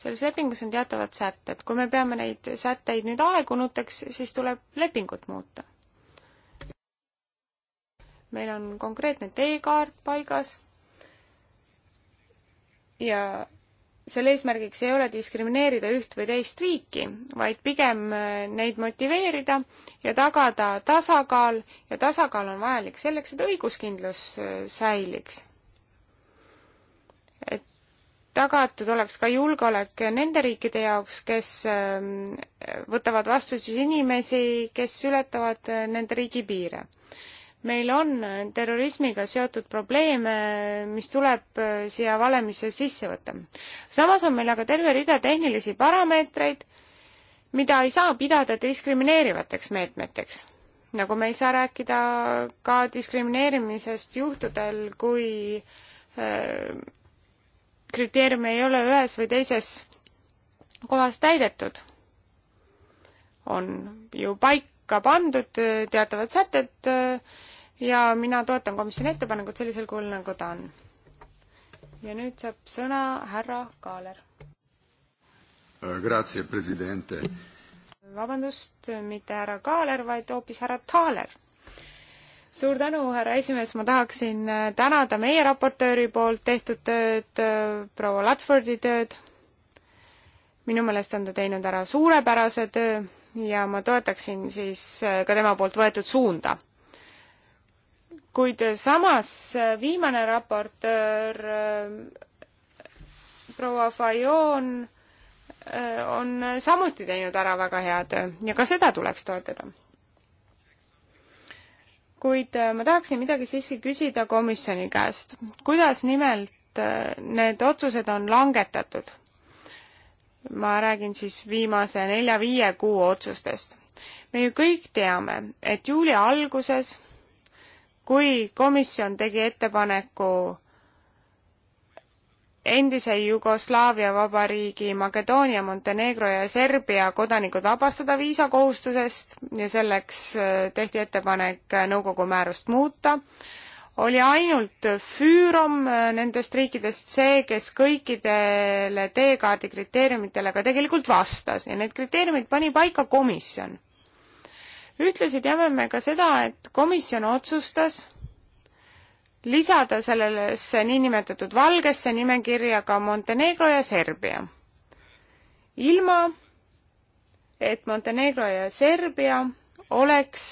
selles lepingus on teatavad sätted, kui me peame neid sätteid nüüd aegunuteks, siis tuleb lepingut muuta. meil on konkreetne teekaart paigas ja selle eesmärgiks ei ole diskrimineerida üht või teist riiki, vaid pigem äh, neid motiveerida ja tagada tasakaal ja tasakaal on vajalik selleks, et õiguskindlus äh, säiliks. et tagatud oleks ka julgeolek nende riikide jaoks, kes ähm, võtavad vastu siis inimesi, kes ületavad äh, nende riigi piire meil on terrorismiga seotud probleeme, mis tuleb äh, siia valemisse sisse võtta. samas on meil aga terve rida tehnilisi parameetreid, mida ei saa pidada diskrimineerivateks meetmeteks. nagu me ei saa rääkida ka diskrimineerimisest juhtudel, kui äh, kriteerium ei ole ühes või teises kohas täidetud. on ju paika pandud äh, teatavad sätted, ja mina toetan komisjoni ettepanekut sellisel kujul, nagu ta on. ja nüüd saab sõna härra Kaaler. Äh, grazie, president. vabandust, mitte härra Kaaler, vaid hoopis härra Thaler suur tänu, härra esimees, ma tahaksin äh, tänada meie raportööri poolt tehtud tööd, äh, proua Ladfordi tööd. minu meelest on ta teinud ära suurepärase töö ja ma toetaksin siis ka tema poolt võetud suunda kuid samas äh, viimane raportöör äh, proua Fajon äh, on samuti teinud ära väga head ja ka seda tuleks toetada. kuid ma tahaksin midagi siiski küsida komisjoni käest. kuidas nimelt need otsused on langetatud? ma räägin siis viimase nelja-viie kuu otsustest. me ju kõik teame, et juuli alguses kui komisjon tegi ettepaneku endise Jugoslaavia vabariigi Makedoonia, Montenegro ja Serbia kodanikud vabastada viisakohustusest ja selleks äh, tehti ettepanek äh, nõukogu määrust muuta, oli ainult Füürom äh, nendest riikidest see, kes kõikidele teekaardi kriteeriumitele ka tegelikult vastas ja need kriteeriumid pani paika komisjon ühtlasi teame me ka seda, et komisjon otsustas lisada sellesse niinimetatud valgesse nimekirja ka Montenegro ja Serbia. ilma, et Montenegro ja Serbia oleks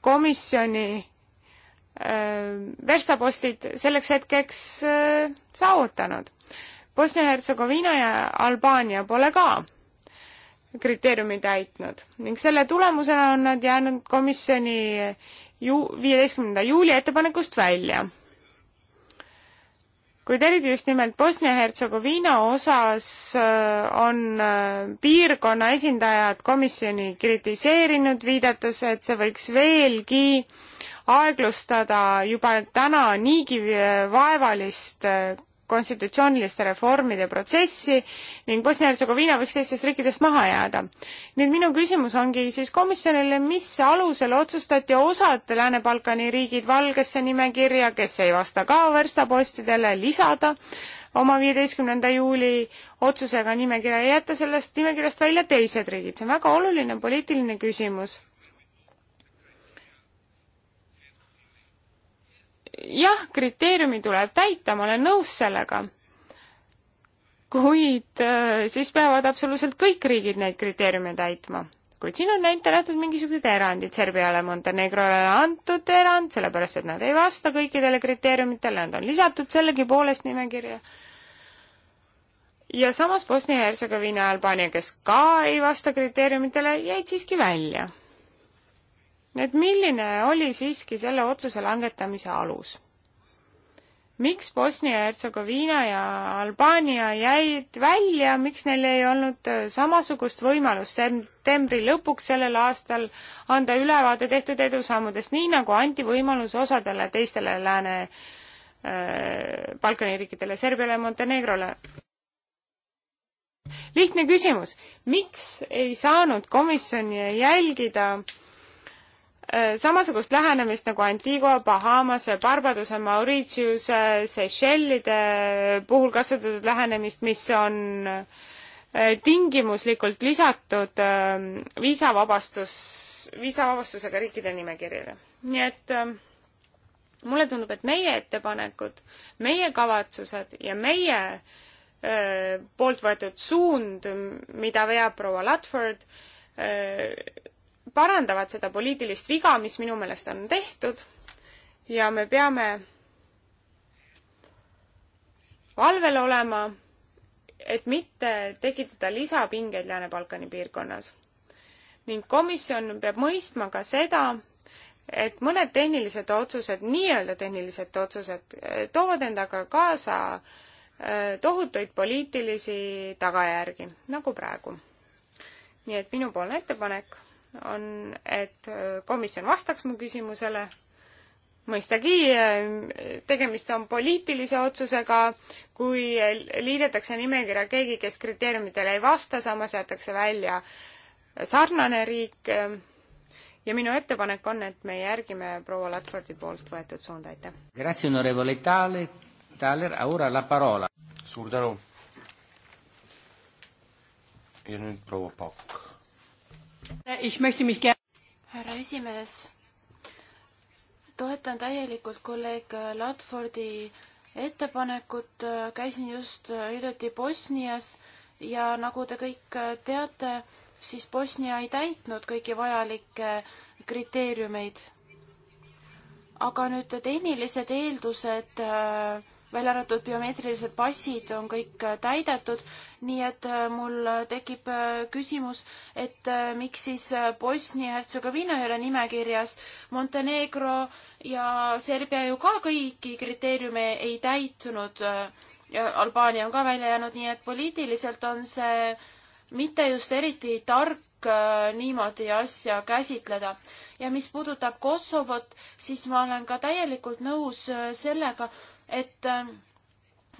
komisjoni äh, verstapostid selleks hetkeks äh, saavutanud. Bosnia-Hertsegoviina ja Albaania pole ka kriteeriumi täitnud ning selle tulemusena on nad jäänud komisjoni ju-, viieteistkümnenda juuli ettepanekust välja. kuid eriti just nimelt Bosnia-Hertsegoviina osas äh, on äh, piirkonna esindajad komisjoni kritiseerinud, viidates, et see võiks veelgi aeglustada juba täna niigi äh, vaevalist konstitutsiooniliste reformide protsessi ning Bosnia-Hertsegoviina võiks teistest riikidest maha jääda. nüüd minu küsimus ongi siis komisjonile, mis alusel otsustati osad Lääne-Balkani riigid Valgesse nimekirja, kes ei vasta ka verstapostidele, lisada oma viieteistkümnenda juuli otsusega nimekirja ja jätta sellest nimekirjast välja teised riigid, see on väga oluline poliitiline küsimus jah, kriteeriumi tuleb täita, ma olen nõus sellega. kuid äh, siis peavad absoluutselt kõik riigid neid kriteeriume täitma. kuid siin on ette nähtud mingisugused erandid, Serbiale, Montenegrole antud erand, sellepärast et nad ei vasta kõikidele kriteeriumitele, nad on lisatud sellegipoolest nimekirja. ja samas Bosnia-Hertsegoviina ja Albaania, kes ka ei vasta kriteeriumitele, jäid siiski välja et milline oli siiski selle otsuse langetamise alus? miks Bosnia-Hertsegoviina ja Albaania jäid välja, miks neil ei olnud äh, samasugust võimalust septembri lõpuks sellel aastal anda ülevaade tehtud edusammudest, nii nagu anti võimalus osadele teistele Lääne äh, Balkani riikidele, Serbiale ja Montenegrole? lihtne küsimus, miks ei saanud komisjon jälgida äh, Äh, samasugust lähenemist nagu Antigua, Bahamas, Barbadose, Mauritius, Seychellide puhul kasutatud lähenemist, mis on äh, tingimuslikult lisatud äh, viisavabastus, viisavabastusega riikide nimekirjale. nii et mulle tundub, et meie ettepanekud, meie kavatsused ja meie öö, poolt võetud suund, mida veab proua Ladford, parandavad seda poliitilist viga, mis minu meelest on tehtud ja me peame valvel olema, et mitte tekitada lisapingeid Lääne-Balkani piirkonnas. ning komisjon peab mõistma ka seda, et mõned tehnilised otsused, nii-öelda tehnilised otsused, toovad endaga kaasa äh, tohutuid poliitilisi tagajärgi, nagu praegu. nii et minupoolne ettepanek on, et komisjon vastaks mu küsimusele. mõistagi, tegemist on poliitilise otsusega, kui liidetakse nimekirja keegi, kes kriteeriumitele ei vasta, samas jäetakse välja sarnane riik. ja minu ettepanek on, et me järgime proua Ladfordi poolt võetud suunda, aitäh. suur tänu. ja nüüd proua Pakk härra esimees, toetan täielikult kolleeg Ladfordi ettepanekut, käisin just hiljuti Bosnias ja nagu te kõik teate, siis Bosnia ei täitnud kõiki vajalikke kriteeriumeid. aga nüüd tehnilised eeldused äh, välja arvatud biomeetrilised passid on kõik äh, täidetud, nii et äh, mul äh, tekib küsimus, et miks siis Bosnia-Hertsegoviina ei ole nimekirjas, Montenegro ja Serbia ju ka kõiki kriteeriume ei täitnud ja Albaania on ka välja jäänud, nii et poliitiliselt on see mitte just eriti tark niimoodi asja käsitleda. ja mis puudutab Kosovot, siis ma olen ka täielikult nõus sellega, et äh,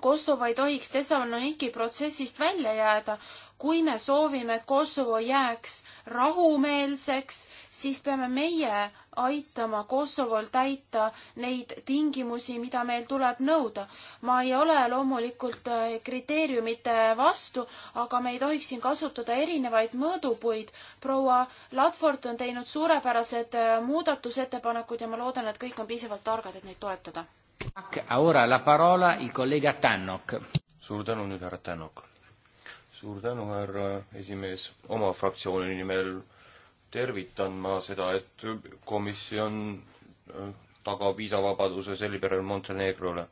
Kosovo ei tohiks Thessaloniki protsessist välja jääda. kui me soovime, et Kosovo jääks rahumeelseks, siis peame meie aitama Kosovol täita neid tingimusi, mida meil tuleb nõuda. ma ei ole loomulikult äh, kriteeriumite vastu, aga me ei tohiks siin kasutada erinevaid mõõdupuid. proua Ladford on teinud suurepärased äh, muudatusettepanekud ja ma loodan, et kõik on piisavalt targad, et neid toetada Ahora la parola il kolleeg Tannok. suur tänu nüüd, härra Tannok. suur tänu, härra esimees, oma fraktsiooni nimel tervitan ma seda, et komisjon äh, tagab viisavabaduse Selverel Montenegrole,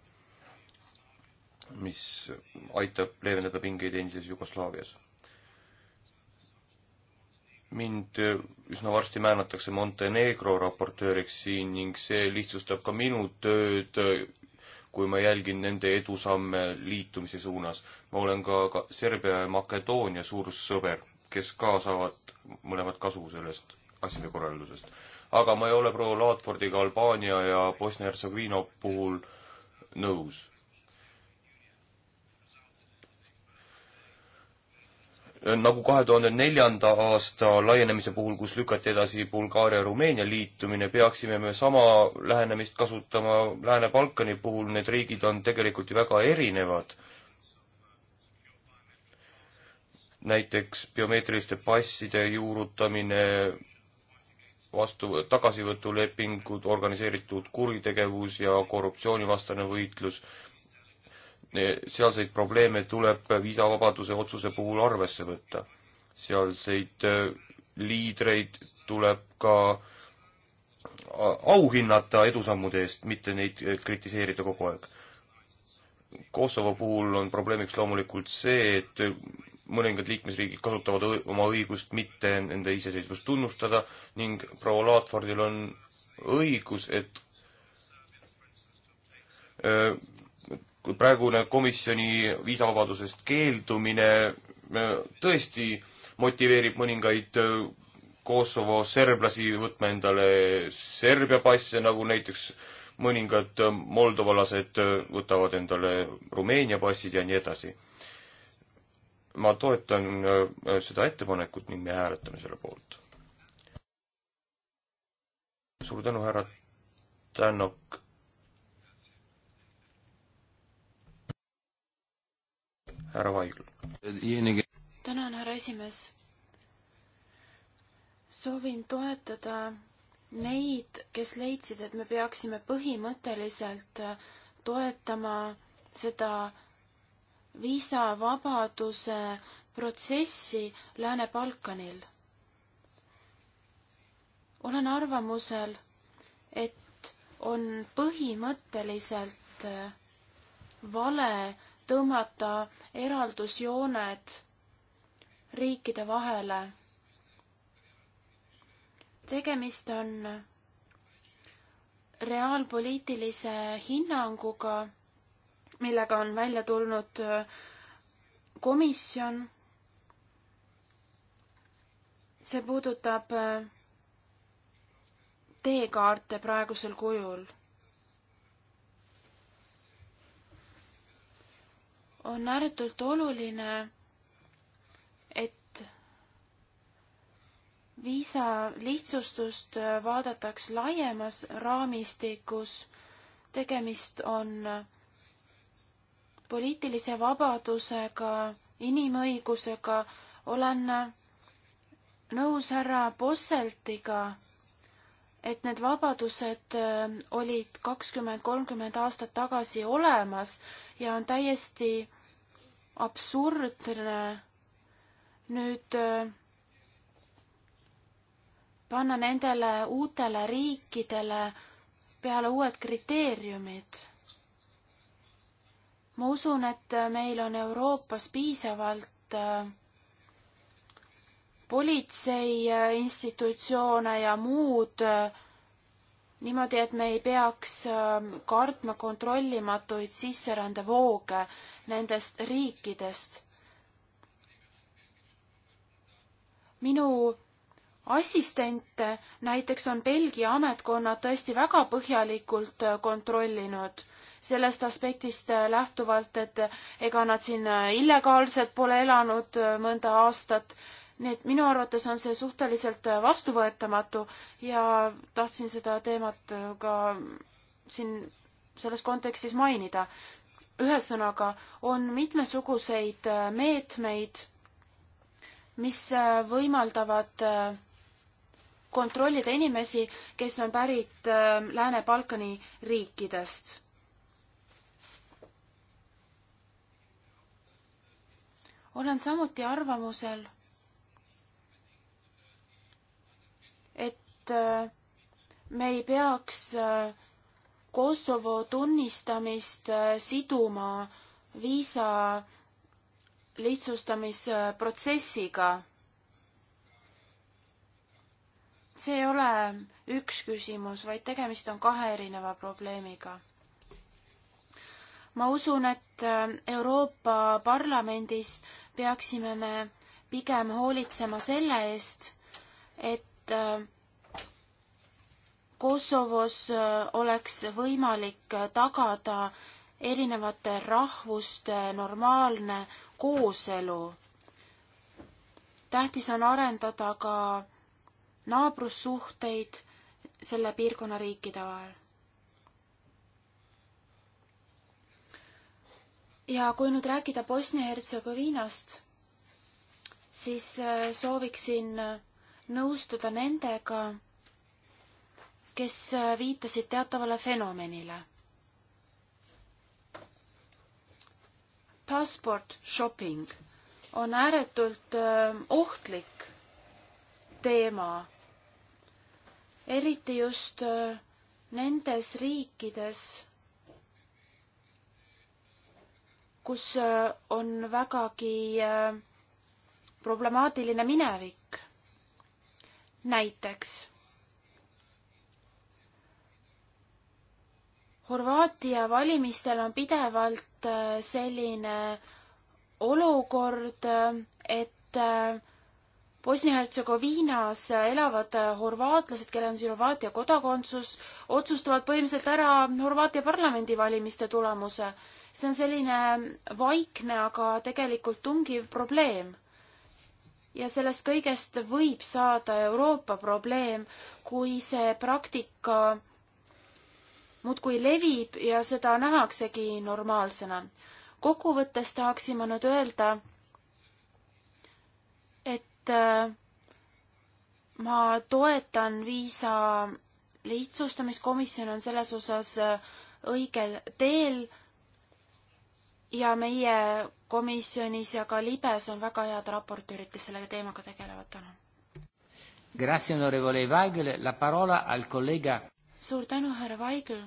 mis aitab leevendada pingeid endises Jugoslaavias mind äh, üsna varsti määratakse Montenegro raportööriks siin ning see lihtsustab ka minu tööd, äh, kui ma jälgin nende edusamme liitumise suunas. ma olen ka, ka Serbia ja Makedoonia suursõber, kes ka saavad mõlemad kasu sellest asjade korraldusest. aga ma ei ole proua Laatfordiga Albaania ja Bosnia-Hertsegoviina puhul nõus Äh, nagu kahe tuhande neljanda aasta laienemise puhul, kus lükati edasi Bulgaaria ja Rumeenia liitumine, peaksime me sama lähenemist kasutama Lääne-Balkani puhul, need riigid on tegelikult ju väga erinevad. näiteks biomeetriliste passide juurutamine, vastu, tagasivõtulepingud, organiseeritud kuritegevus ja korruptsioonivastane võitlus sealseid probleeme tuleb viisavabaduse otsuse puhul arvesse võtta. sealseid äh, liidreid tuleb ka äh, auhinnata edusammude eest, mitte neid äh, kritiseerida kogu aeg. Kosovo puhul on probleemiks loomulikult see, et mõningad liikmesriigid kasutavad õi oma õigust mitte nende iseseisvust tunnustada ning proua Laatfordil on õigus, et kui praegune komisjoni viisavabadusest keeldumine äh, tõesti motiveerib mõningaid äh, Kosovo serblasi võtma endale Serbia passe, nagu näiteks mõningad äh, moldovalased võtavad endale Rumeenia passid ja nii edasi. ma toetan seda ettepanekut ning me hääletame selle poolt. suur tänu, härra Tänak härra Vaigel. tänan, härra esimees. soovin toetada neid, kes leidsid, et me peaksime põhimõtteliselt toetama seda viisavabaduse protsessi Lääne-Balkanil. olen arvamusel, et on põhimõtteliselt vale tõmmata eraldusjooned riikide vahele. tegemist on reaalpoliitilise hinnanguga, millega on välja tulnud äh, komisjon. see puudutab äh, teekaarte praegusel kujul on ääretult oluline, et viisa lihtsustust vaadataks laiemas raamistikus. tegemist on poliitilise vabadusega, inimõigusega. olen nõus härra Posseltiga et need vabadused äh, olid kakskümmend, kolmkümmend aastat tagasi olemas ja on täiesti absurdne nüüd äh, panna nendele uutele riikidele peale uued kriteeriumid. ma usun, et meil on Euroopas piisavalt äh, politseiinstitutsioone ja muud niimoodi, et me ei peaks ähm, kartma kontrollimatuid sisserändevooge nendest riikidest. minu assistente näiteks on Belgia ametkonnad tõesti väga põhjalikult äh, kontrollinud sellest aspektist äh, lähtuvalt, et ega nad siin äh, illegaalselt pole elanud mõnda aastat nii et minu arvates on see suhteliselt äh, vastuvõetamatu ja tahtsin seda teemat äh, ka siin selles kontekstis mainida. ühesõnaga, on mitmesuguseid äh, meetmeid, mis võimaldavad kontrollida inimesi, kes on pärit Lääne-Balkani riikidest olen samuti arvamusel, et äh, me ei peaks äh, Kosovo tunnistamist äh, siduma viisa lihtsustamisprotsessiga. see ei ole üks küsimus, vaid tegemist on kahe erineva probleemiga. ma usun, et Euroopa Parlamendis peaksime me pigem hoolitsema selle eest, et Kosovos äh, oleks võimalik äh, tagada erinevate rahvuste normaalne kooselu. tähtis on arendada ka naabrussuhteid selle piirkonna riikide vahel. ja kui nüüd rääkida Bosnia-Hertsegoviinast, siis äh, sooviksin nõustuda nendega, kes äh, viitasid teatavale fenomenile. passport shopping on ääretult äh, ohtlik teema, eriti just äh, nendes riikides, kus on vägagi problemaatiline minevik. näiteks Horvaatia valimistel on pidevalt äh, selline olukord, äh, et äh, Bosnia-Hertsegoviinas elavad horvaatlased, kellel on siis Horvaatia kodakondsus, otsustavad põhimõtteliselt ära Horvaatia parlamendivalimiste tulemuse. see on selline vaikne, aga tegelikult tungiv probleem. ja sellest kõigest võib saada Euroopa probleem, kui see praktika muudkui levib ja seda nähaksegi normaalsena. kokkuvõttes tahaksin ma nüüd öelda, et äh, ma toetan viisa lihtsustamiskomisjon on selles osas äh, õigel teel ja meie komisjonis ja ka libes on väga head raportöörid, kes selle teemaga tegelevad, tänan. Grazie onorevole Vaigel, la parola al collega suur tänu, härra Vaigel.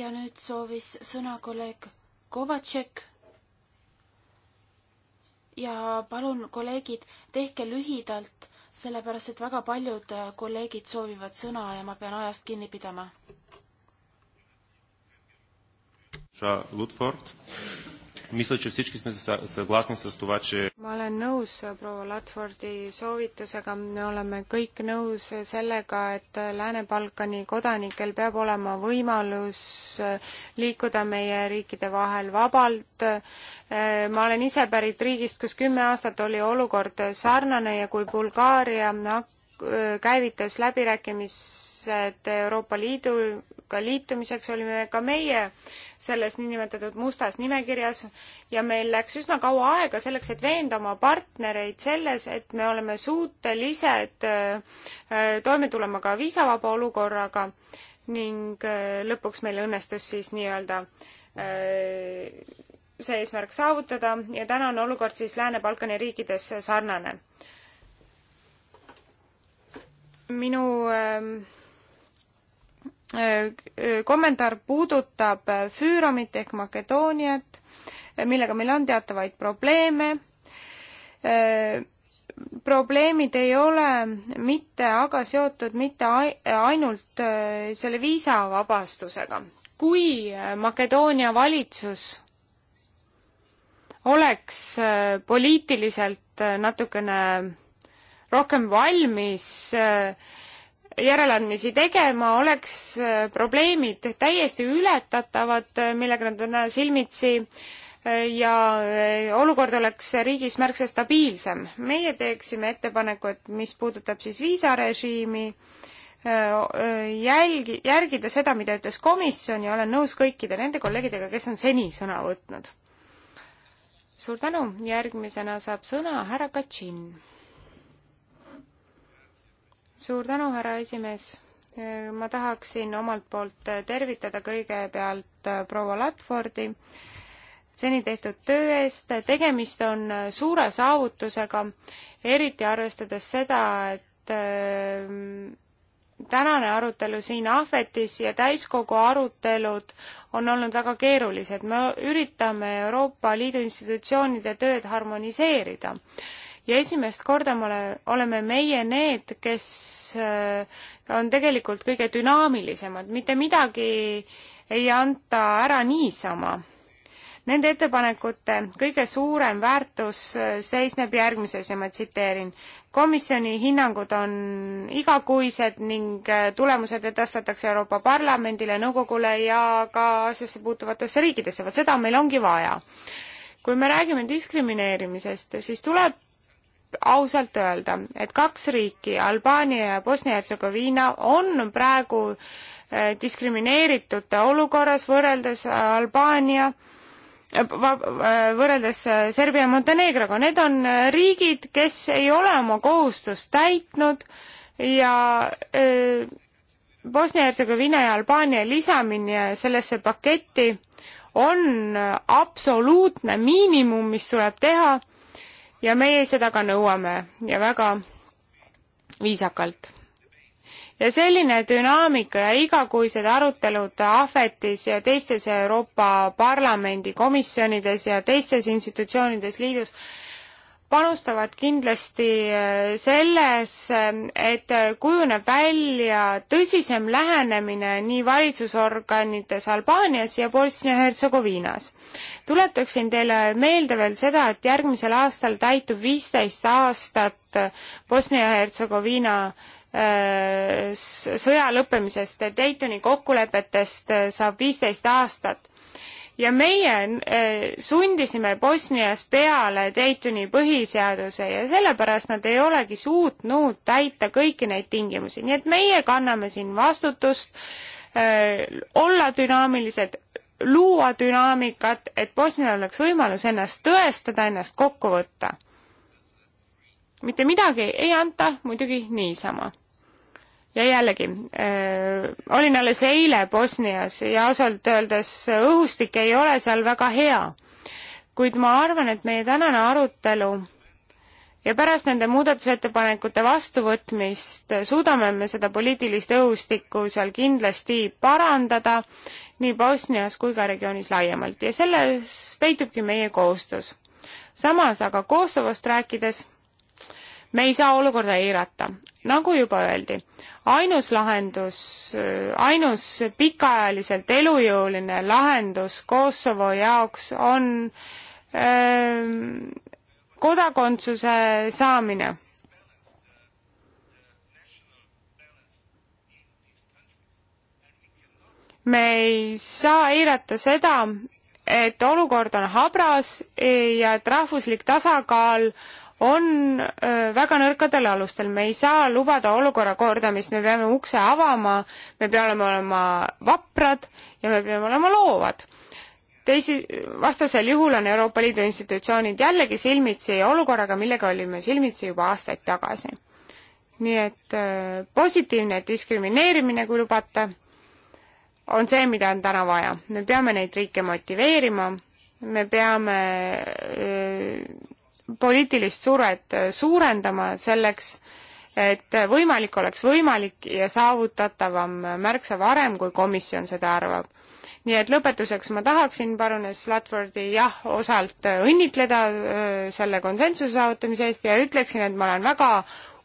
ja nüüd soovis sõna kolleeg Kovatšek. ja palun, kolleegid, tehke lühidalt, sellepärast et väga paljud äh, kolleegid soovivad sõna ja ma pean ajast kinni pidama. Lutford Мисля, че всички сме съгласни с това, че... Ma olen nõus proua Latfordi soovitusega. Me oleme kõik nõus sellega, et Lääne-Balkani kodanikel peab olema võimalus liikuda meie riikide vahel vabalt. Ma olen ise pärit riigist, kus kümme aastat oli olukord sarnane ja kui Bulgaaria hakkas käivitas läbirääkimised Euroopa Liiduga liitumiseks, olime ka meie selles niinimetatud mustas nimekirjas ja meil läks üsna kaua aega selleks, et veenda oma partnereid selles, et me oleme suutelised äh, toime tulema ka viisavaba olukorraga ning äh, lõpuks meil õnnestus siis nii-öelda äh, see eesmärk saavutada ja täna on olukord siis Lääne-Balkani riikides sarnane minu ähm, äh, kommentaar puudutab äh, Füüromit ehk Makedooniat, äh, millega meil on teatavaid probleeme. probleemid ei ole mitte aga seotud mitte ainult selle viisavabastusega. kui Makedoonia valitsus oleks poliitiliselt natukene rohkem valmis äh, järeleandmisi tegema, oleks äh, probleemid täiesti ületatavad, äh, millega nad on silmitsi ja olukord oleks riigis märksa stabiilsem. meie teeksime ettepaneku, et mis puudutab siis viisarežiimi, jälgi, järgida seda, mida ütles komisjon ja olen nõus kõikide nende kolleegidega, kes on seni sõna võtnud. suur tänu, järgmisena saab sõna härra Katšin suur tänu, härra esimees. ma tahaksin omalt poolt tervitada kõigepealt äh, proua Ladfordi seni tehtud töö eest. tegemist on äh, suure saavutusega, eriti arvestades seda, et äh, tänane arutelu siin ahvetis ja täiskogu arutelud on olnud väga keerulised. me üritame Euroopa Liidu institutsioonide tööd harmoniseerida ja esimest korda me ole, oleme meie need, kes äh, on tegelikult kõige dünaamilisemad, mitte midagi ei anta ära niisama. Nende ettepanekute kõige suurem väärtus äh, seisneb järgmises ja ma tsiteerin. komisjoni hinnangud on igakuised ning äh, tulemused edastatakse Euroopa Parlamendile, nõukogule ja ka asjasse puutuvatesse riikidesse, vot seda meil ongi vaja kui me räägime diskrimineerimisest, siis tuleb ausalt öelda, et kaks riiki, Albaania ja Bosnia-Hertsegoviina, on praegu äh, diskrimineeritute olukorras võrreldes äh, Albaania äh, võrreldes Serbia ja Montenegroga, need on riigid, kes ei ole oma kohustust täitnud ja Bosnia-Hertsegoviina ja Albaania lisamine sellesse paketti on absoluutne miinimum, mis tuleb teha ja meie seda ka nõuame ja väga viisakalt ja selline dünaamika ja igakuised arutelud ahvetis ja teistes Euroopa Parlamendi komisjonides ja teistes institutsioonides liidus panustavad kindlasti äh, selles, äh, et äh, kujuneb välja tõsisem lähenemine nii valitsusorganites Albaanias ja Bosnia-Hertsegoviinas. tuletaksin teile meelde veel seda, et järgmisel aastal täitub viisteist aastat Bosnia-Hertsegoviina sõja lõppemisest, Daytoni kokkulepetest saab viisteist aastat ja meie eh, sundisime Bosnias peale Daytoni põhiseaduse ja sellepärast nad ei olegi suutnud täita kõiki neid tingimusi, nii et meie kanname siin vastutust, eh, olla dünaamilised, luua dünaamikat, et Bosnial oleks võimalus ennast tõestada, ennast kokku võtta. mitte midagi ei anta muidugi niisama ja jällegi äh,, olin alles eile Bosnias ja ausalt öeldes õhustik ei ole seal väga hea. kuid ma arvan, et meie tänane arutelu ja pärast nende muudatusettepanekute vastuvõtmist suudame me seda poliitilist õhustikku seal kindlasti parandada nii Bosnias kui ka regioonis laiemalt ja selles peitubki meie koostöös. samas aga Kosovost rääkides me ei saa olukorda eirata. nagu juba öeldi, ainus lahendus, ainus pikaajaliselt elujõuline lahendus Kosovo jaoks on öö, ähm, kodakondsuse saamine. me ei saa eirata seda, et olukord on habras ja et rahvuslik tasakaal on väga nõrkadel alustel, me ei saa lubada olukorra kordamist, me peame ukse avama, me peame olema vaprad ja me peame olema loovad. teisi, vastasel juhul on Euroopa Liidu institutsioonid jällegi silmitsi olukorraga, millega olime silmitsi juba aastaid tagasi. nii et positiivne diskrimineerimine, kui lubate, on see, mida on täna vaja. me peame neid riike motiveerima, me peame öö, poliitilist survet äh, suurendama selleks, et võimalik oleks võimalik ja saavutatavam äh, märksa varem, kui komisjon seda arvab. nii et lõpetuseks ma tahaksin parunes Ladfordi jah, osalt äh, õnnitleda selle konsensuse saavutamise eest ja ütleksin, et ma olen väga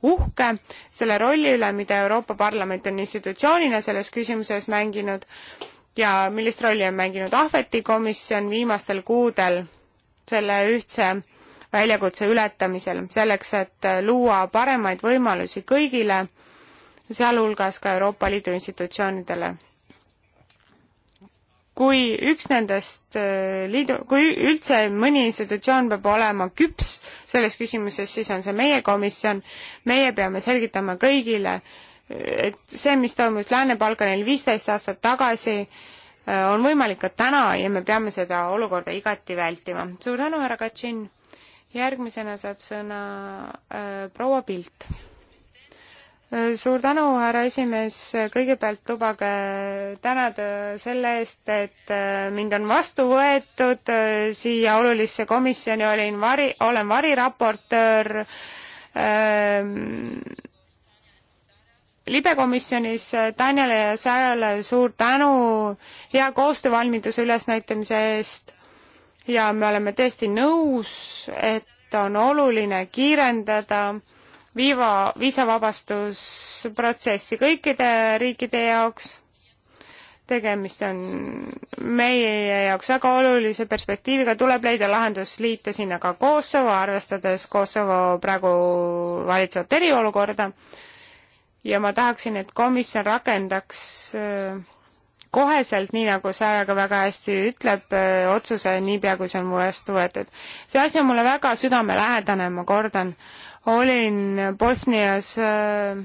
uhke selle rolli üle, mida Euroopa Parlament on institutsioonina selles küsimuses mänginud ja millist rolli on mänginud Ahveti komisjon viimastel kuudel selle ühtse väljakutse ületamisel, selleks et luua paremaid võimalusi kõigile, sealhulgas ka Euroopa Liidu institutsioonidele. kui üks nendest äh, liidu, kui üldse mõni institutsioon peab olema küps selles küsimuses, siis on see meie komisjon, meie peame selgitama kõigile, et see, mis toimus Lääne-Balkanil viisteist aastat tagasi, äh, on võimalik ka täna ja me peame seda olukorda igati vältima. suur tänu, härra Katšin! järgmisena saab sõna äh, proua Pilt. Äh, suur tänu, härra esimees, kõigepealt lubage tänada selle eest, et äh, mind on vastu võetud äh, siia olulisse komisjoni, olin vari, olen variraportöör ähm, äh, libekomisjonis Tanjale ja Säele suur tänu hea koostöövalmiduse ülesnäitamise eest ja me oleme tõesti nõus, et on oluline kiirendada viiva, viisavabastusprotsessi kõikide riikide jaoks. tegemist on meie jaoks väga olulise perspektiiviga, tuleb leida lahendus liita sinna ka Kosovo, arvestades Kosovo praegu valitsevat eriolukorda. ja ma tahaksin, et komisjon rakendaks äh, koheselt, nii nagu see ka väga hästi ütleb, otsuse niipea, kui see on mu eest võetud. see asi on mulle väga südamelähedane, ma kordan. olin Bosnias äh,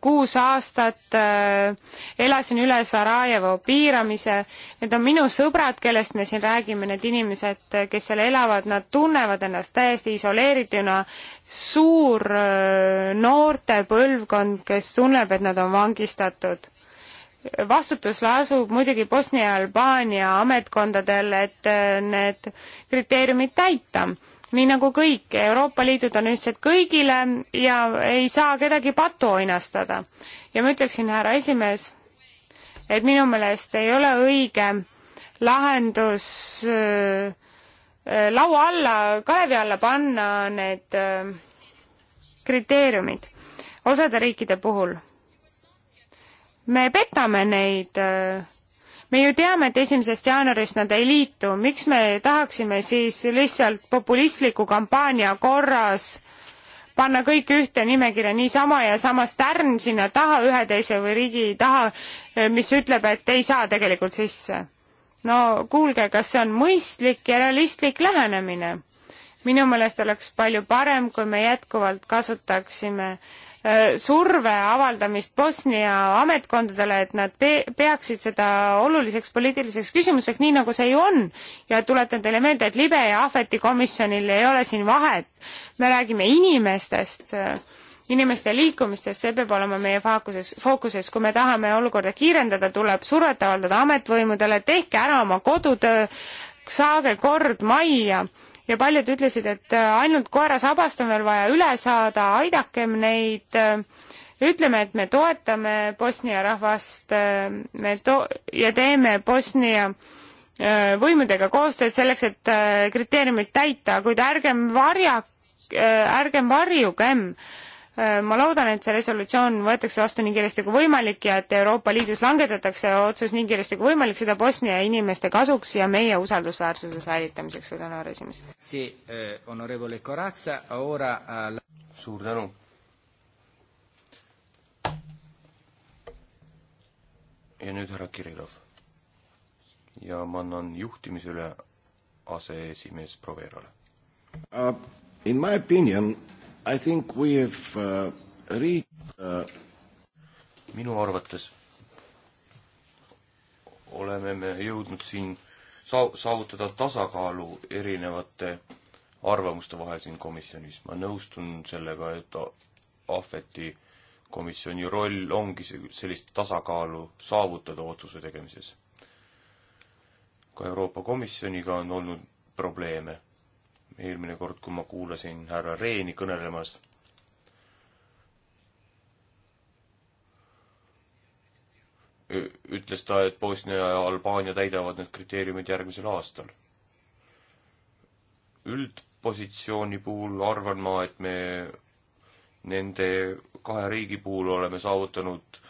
kuus aastat äh, elasin üle Sarajevo piiramise, need on minu sõbrad, kellest me siin räägime, need inimesed, kes seal elavad, nad tunnevad ennast täiesti isoleerituna, suur äh, noorte põlvkond, kes tunneb, et nad on vangistatud vastutus lasub muidugi Bosnia ja Albaania ametkondadel, et äh, need kriteeriumid täita. nii nagu kõik, Euroopa Liidud on ühtsed kõigile ja ei saa kedagi patu oinastada. ja ma ütleksin, härra esimees, et minu meelest ei ole õige lahendus äh, äh laua alla, kaevi alla panna need äh, kriteeriumid osade riikide puhul me petame neid. Äh, me ju teame, et esimesest jaanuarist nad ei liitu, miks me tahaksime siis lihtsalt populistliku kampaania korras panna kõik ühte nimekirja niisama ja samas tärn sinna taha ühe teise või riigi taha, äh, mis ütleb, et ei saa tegelikult sisse. no kuulge, kas see on mõistlik ja realistlik lähenemine? minu meelest oleks palju parem, kui me jätkuvalt kasutaksime Äh, surve avaldamist Bosnia ametkondadele, et nad te-, peaksid seda oluliseks poliitiliseks küsimuseks, nii nagu see ju on. ja tuletan teile meelde, et libe ja ahveti komisjonil ei ole siin vahet. me räägime inimestest, äh, inimeste liikumistest, see peab olema meie fookuses, fookuses. kui me tahame olukorda kiirendada, tuleb survet avaldada ametvõimudele, tehke ära oma kodutöö, saage kord majja ja paljud ütlesid, et äh, ainult koera sabast on veel vaja üle saada, aidakem neid, äh, ütleme, et me toetame Bosnia rahvast, äh, me to- ja teeme Bosnia võimudega koostööd selleks, et kriteeriumid täita, kuid ärgem varja, ärgem varjugem äh, Äh, ma loodan, et see resolutsioon võetakse vastu nii kiiresti kui võimalik ja et Euroopa Liidus langetatakse otsus nii kiiresti kui võimalik, seda Bosnia inimeste kasuks ja meie usaldusväärsuse säilitamiseks, suur tänu, härra esimees. Eh, suur tänu. ja nüüd härra Kirillov. ja ma annan juhtimise üle aseesimees Proverole uh,. In my opinion I think we have uh, read uh... minu arvates oleme me jõudnud siin saav-, saavutada tasakaalu erinevate arvamuste vahel siin komisjonis. ma nõustun sellega, et ahveti komisjoni roll ongi sellist tasakaalu saavutada otsuse tegemises. ka Euroopa Komisjoniga on olnud probleeme eelmine kord, kui ma kuulasin härra Reeni kõnelemas. ütles ta, et Bosnia ja Albaania täidavad need kriteeriumid järgmisel aastal. üldpositsiooni puhul arvan ma, et me nende kahe riigi puhul oleme saavutanud äh,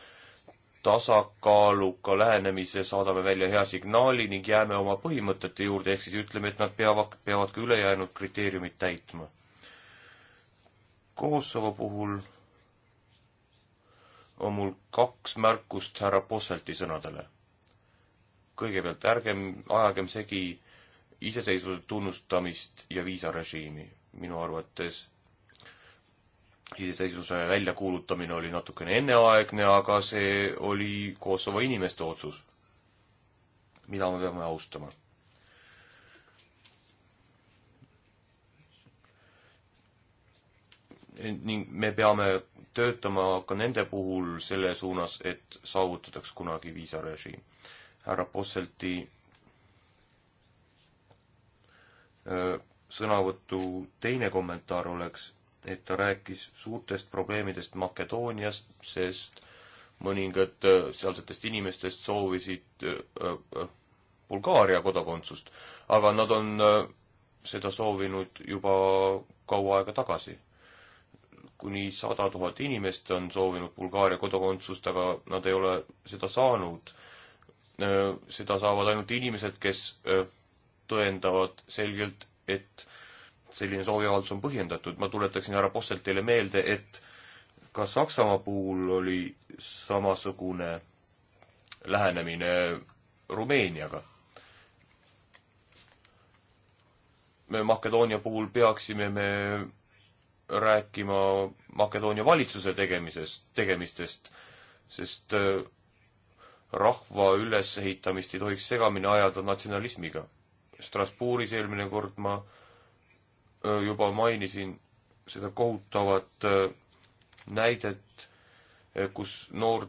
tasakaaluka lähenemise saadame välja hea signaali ning jääme oma põhimõtete juurde, ehk siis ütleme, et nad peavad, peavad ka ülejäänud kriteeriumid täitma. Kosovo puhul on mul kaks märkust härra Posselti sõnadele. kõigepealt ärgem ajagem segi iseseisvuse tunnustamist ja viisarežiimi. minu arvates iseseisvuse väljakuulutamine oli natukene enneaegne, aga see oli Kosovo inimeste otsus, mida me peame austama. ning me peame töötama ka nende puhul selle suunas, et saavutataks kunagi viisarežiim. härra Posselti äh, sõnavõtu teine kommentaar oleks et ta rääkis suurtest probleemidest Makedoonias, sest mõningad äh, sealsetest inimestest soovisid äh, äh, Bulgaaria kodakondsust, aga nad on seda soovinud juba kaua aega tagasi. kuni sada tuhat inimest on soovinud Bulgaaria kodakondsust, aga nad ei ole seda saanud. seda saavad ainult inimesed, kes tõendavad selgelt, et äh, selline sooviavaldus on põhjendatud, ma tuletaksin härra Posselt teile meelde, et ka Saksamaa puhul oli samasugune lähenemine Rumeeniaga. me Makedoonia puhul peaksime me rääkima Makedoonia valitsuse tegemisest, tegemistest, sest äh, rahva ülesehitamist ei tohiks segamini ajada natsionalismiga. Strasbourgis eelmine kord ma äh, Äh, juba mainisin seda kohutavat äh, näidet, äh, kus noor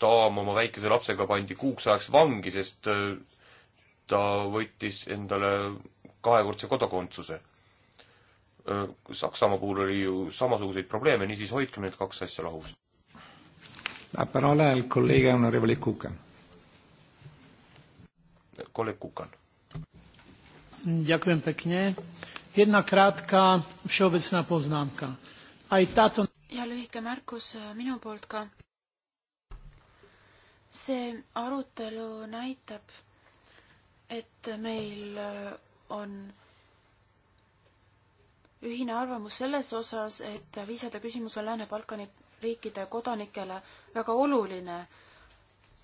daam oma väikese lapsega pandi kuuks ajaks vangi, sest ta võttis endale kahekordse kodakondsuse. Saksamaa puhul oli ju samasuguseid probleeme, niisiis hoidke need kaks asja lahus. kolleeg Kukan. Jedna krátka všeobecná poznámka. Aj táto... Ja lühike märkus äh, minu poolt ka. See arutelu näitab, et meil äh, on ühine arvamus selles osas, et viisade küsimus on Lääne-Balkani riikide kodanikele väga oluline.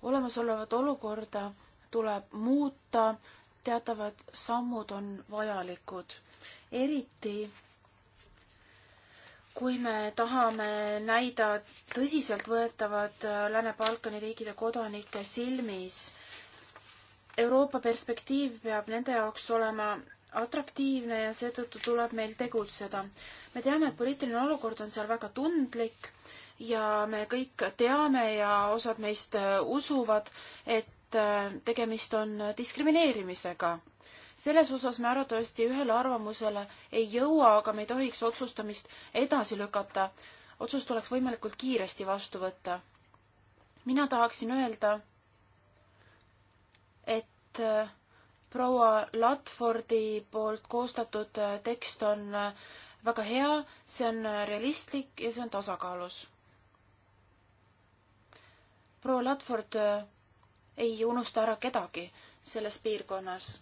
olemasolevat olukorda tuleb muuta, teatavad sammud on vajalikud eriti kui me tahame näida tõsiseltvõetavad äh, Lääne-Balkani riikide kodanike silmis. Euroopa perspektiiv peab nende jaoks olema atraktiivne ja seetõttu tuleb meil tegutseda. me teame, et poliitiline olukord on seal väga tundlik ja me kõik teame ja osad meist äh, usuvad, et äh, tegemist on diskrimineerimisega selles osas me arvatavasti ühele arvamusele ei jõua, aga me ei tohiks otsustamist edasi lükata. otsus tuleks võimalikult kiiresti vastu võtta. mina tahaksin öelda, et äh, proua Latfordi poolt koostatud äh, tekst on äh, väga hea, see on realistlik ja see on tasakaalus. proua Latford ei unusta ära kedagi selles piirkonnas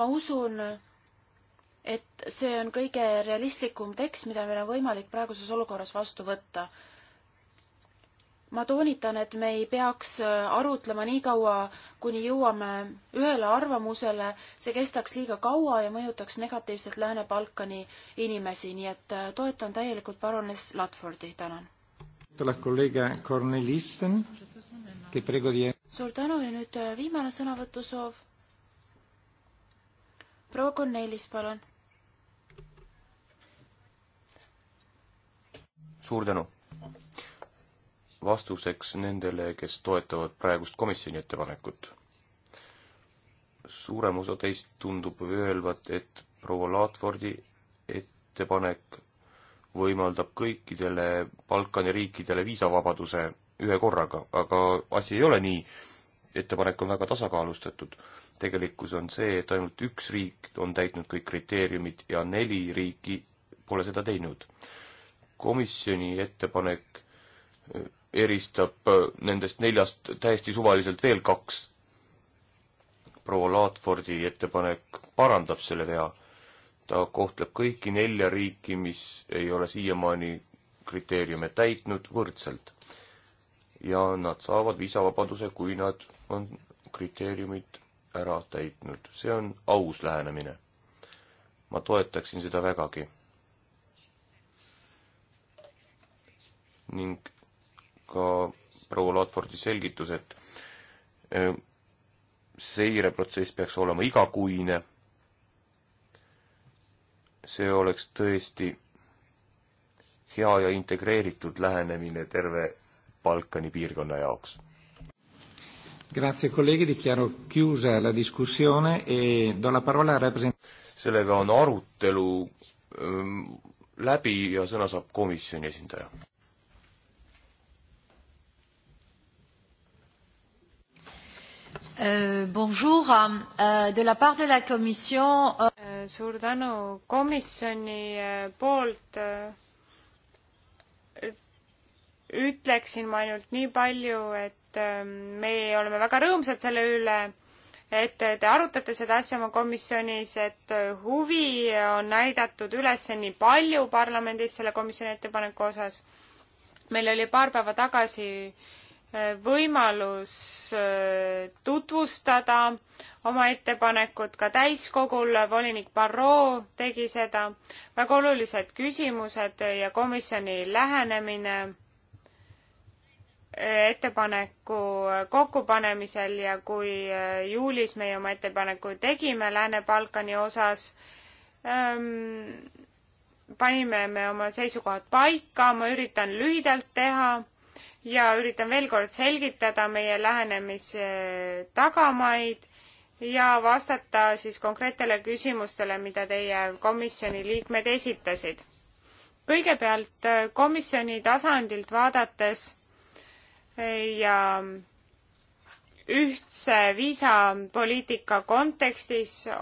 ma usun, et see on kõige realistlikum tekst, mida meil on võimalik praeguses olukorras vastu võtta. ma toonitan, et me ei peaks arutlema nii kaua, kuni jõuame ühele arvamusele, see kestaks liiga kaua ja mõjutaks negatiivselt Lääne-Balkani inimesi, nii et äh, toetan täielikult parunes Ladfordi, tänan. suur tänu ja nüüd äh, viimane sõnavõtusoov proua Cornelis, palun. suur tänu. vastuseks nendele, kes toetavad praegust komisjoni ettepanekut. suurem osa teist tundub öelvat, et proua Laatfordi ettepanek võimaldab kõikidele Balkani riikidele viisavabaduse ühe korraga, aga asi ei ole nii. ettepanek on väga tasakaalustatud tegelikkus on see, et ainult üks riik on täitnud kõik kriteeriumid ja neli riiki pole seda teinud. komisjoni ettepanek eh, eristab eh, nendest neljast täiesti suvaliselt veel kaks. proua Laatfordi ettepanek parandab selle vea. ta kohtleb kõiki nelja riiki, mis ei ole siiamaani kriteeriume täitnud, võrdselt. ja nad saavad viisavabaduse, kui nad on kriteeriumid ära täitnud, see on aus lähenemine. ma toetaksin seda vägagi. ning ka proua Ladfordi selgitus, et e, seireprotsess peaks olema igakuine. see oleks tõesti hea ja integreeritud lähenemine terve Balkani piirkonna jaoks Grazie kolleegi, dichiaro chiusa la discussione e do la parola represent-. sellega on arutelu ähm, läbi ja sõna saab komisjoni esindaja. Euh, bonjour, euh, de la part de la Commission. Euh... euh suur tänu komisjoni euh, poolt euh, ütleksin ma ainult nii palju, et et ähm, me oleme väga rõõmsad selle üle, et te arutate seda asja oma komisjonis, et äh, huvi on näidatud üles nii palju parlamendis selle komisjoni ettepaneku osas. meil oli paar päeva tagasi äh, võimalus äh, tutvustada oma ettepanekut ka täiskogul, volinik Barrot tegi seda, väga olulised küsimused ja komisjoni lähenemine ettepaneku kokkupanemisel ja kui äh, juulis meie oma ettepaneku tegime Lääne-Balkani osas ähm,, panime me oma seisukohad paika, ma üritan lühidalt teha ja üritan veel kord selgitada meie lähenemise äh, tagamaid ja vastata siis konkreetele küsimustele, mida teie komisjoni liikmed esitasid. kõigepealt äh, komisjoni tasandilt vaadates ja ühtse viisapoliitika kontekstis äh,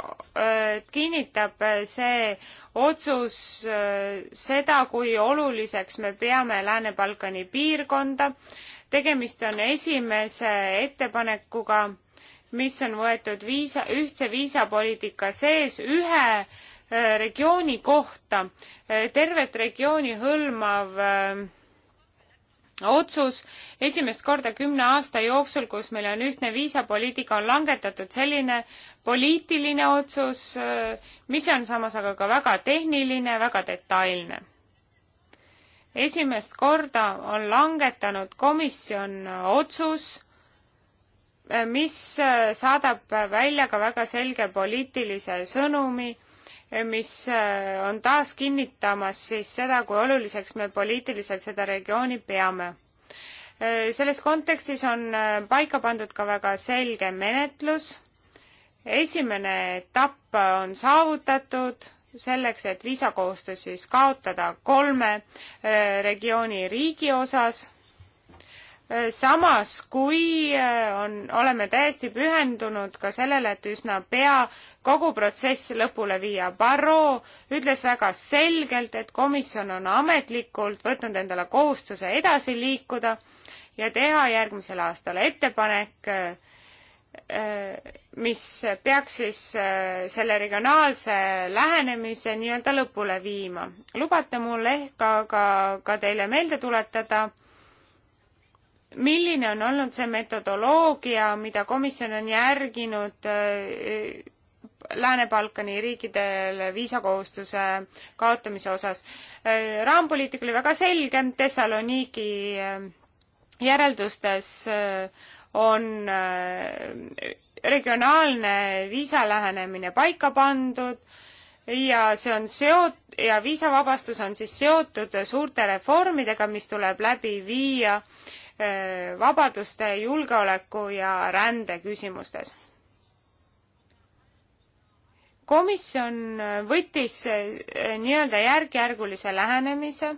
kinnitab äh, see otsus äh, seda, kui oluliseks me peame Lääne-Balkani piirkonda. tegemist on esimese ettepanekuga, mis on võetud viisa, ühtse viisapoliitika sees ühe regiooni kohta, tervet regiooni hõlmav otsus esimest korda kümne aasta jooksul, kus meil on ühtne viisapoliitika, on langetatud selline poliitiline otsus, äh, mis on samas aga ka väga tehniline, väga detailne. esimest korda on langetanud komisjon otsus, äh, mis äh, saadab välja ka väga selge poliitilise sõnumi mis äh, on taas kinnitamas siis seda, kui oluliseks me poliitiliselt seda regiooni peame. Äh, selles kontekstis on äh, paika pandud ka väga selge menetlus. esimene etapp on saavutatud selleks, et viisakohustus siis kaotada kolme regiooni riigi osas. samas, kui on, oleme täiesti pühendunud ka sellele, et üsna pea kogu protsess lõpule viia. Barrot ütles väga selgelt, et komisjon on ametlikult võtnud endale kohustuse edasi liikuda ja teha järgmisel aastal ettepanek, äh, mis peaks siis äh, selle regionaalse lähenemise nii-öelda lõpule viima. lubate mul ehk aga ka teile meelde tuletada, milline on olnud see metodoloogia, mida komisjon on järginud äh, Lääne-Balkani riikidele viisakohustuse kaotamise osas. raampoliitika oli väga selge, Thessaloniki äh, järeldustes äh, on äh, regionaalne viisalähenemine paika pandud ja see on seot- ja viisavabastus on siis seotud suurte reformidega, mis tuleb läbi viia vabaduste, julgeoleku ja rände küsimustes komisjon äh, võttis äh, nii-öelda järk-järgulise lähenemise.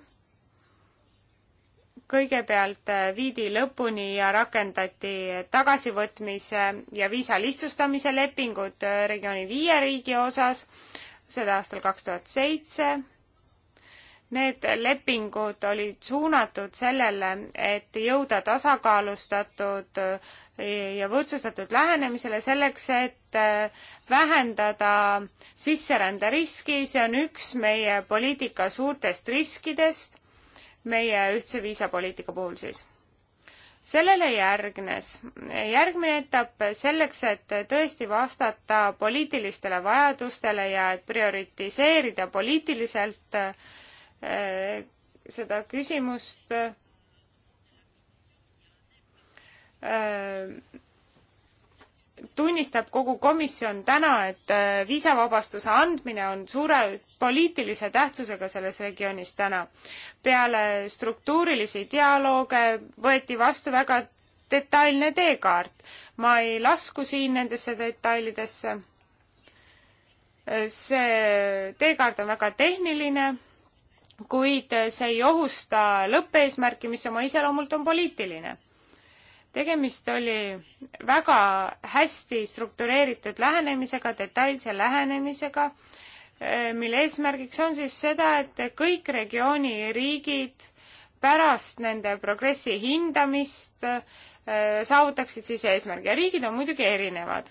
kõigepealt äh, viidi lõpuni ja rakendati tagasivõtmise ja viisa lihtsustamise lepingud regiooni viie riigi osas, seda aastal kaks tuhat seitse Need lepingud olid suunatud sellele, et jõuda tasakaalustatud ja võrdsustatud lähenemisele selleks, et äh, vähendada sisserände riski, see on üks meie poliitika suurtest riskidest, meie ühtse viisapoliitika puhul siis sellele järgnes järgmine etapp selleks, et tõesti vastata poliitilistele vajadustele ja et prioritiseerida poliitiliselt äh, Äh, seda küsimust äh, tunnistab kogu komisjon täna, et äh, viisavabastuse andmine on suure poliitilise tähtsusega selles regioonis täna. peale struktuurilisi dialoog võeti vastu väga detailne teekaart. ma ei lasku siin nendesse detailidesse. see teekaart on väga tehniline kuid see ei ohusta lõppeesmärki, mis oma iseloomult on poliitiline. tegemist oli väga hästi struktureeritud lähenemisega, detailse lähenemisega, eh, mille eesmärgiks on siis seda, et kõik regiooni riigid pärast nende progressi hindamist eh, saavutaksid siis eesmärgi ja riigid on muidugi erinevad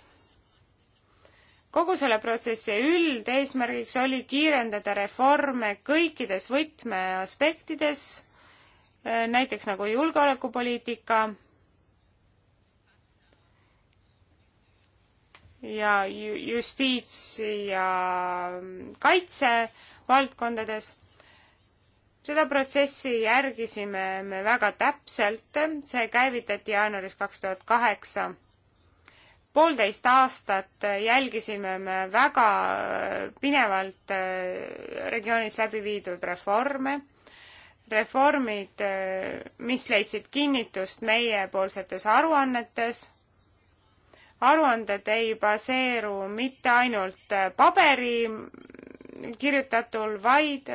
kogu selle protsessi üldeesmärgiks oli kiirendada reforme kõikides võtmeaspektides, äh, näiteks nagu julgeolekupoliitika ja justiits- ja kaitsevaldkondades. seda protsessi järgisime me väga täpselt, see käivitati jaanuaris kaks tuhat kaheksa poolteist aastat jälgisime me väga pinevalt äh, regioonis läbi viidud reforme, reformid, äh, mis leidsid kinnitust meiepoolsetes aruannetes. aruanded ei baseeru mitte ainult äh, paberi kirjutatul, vaid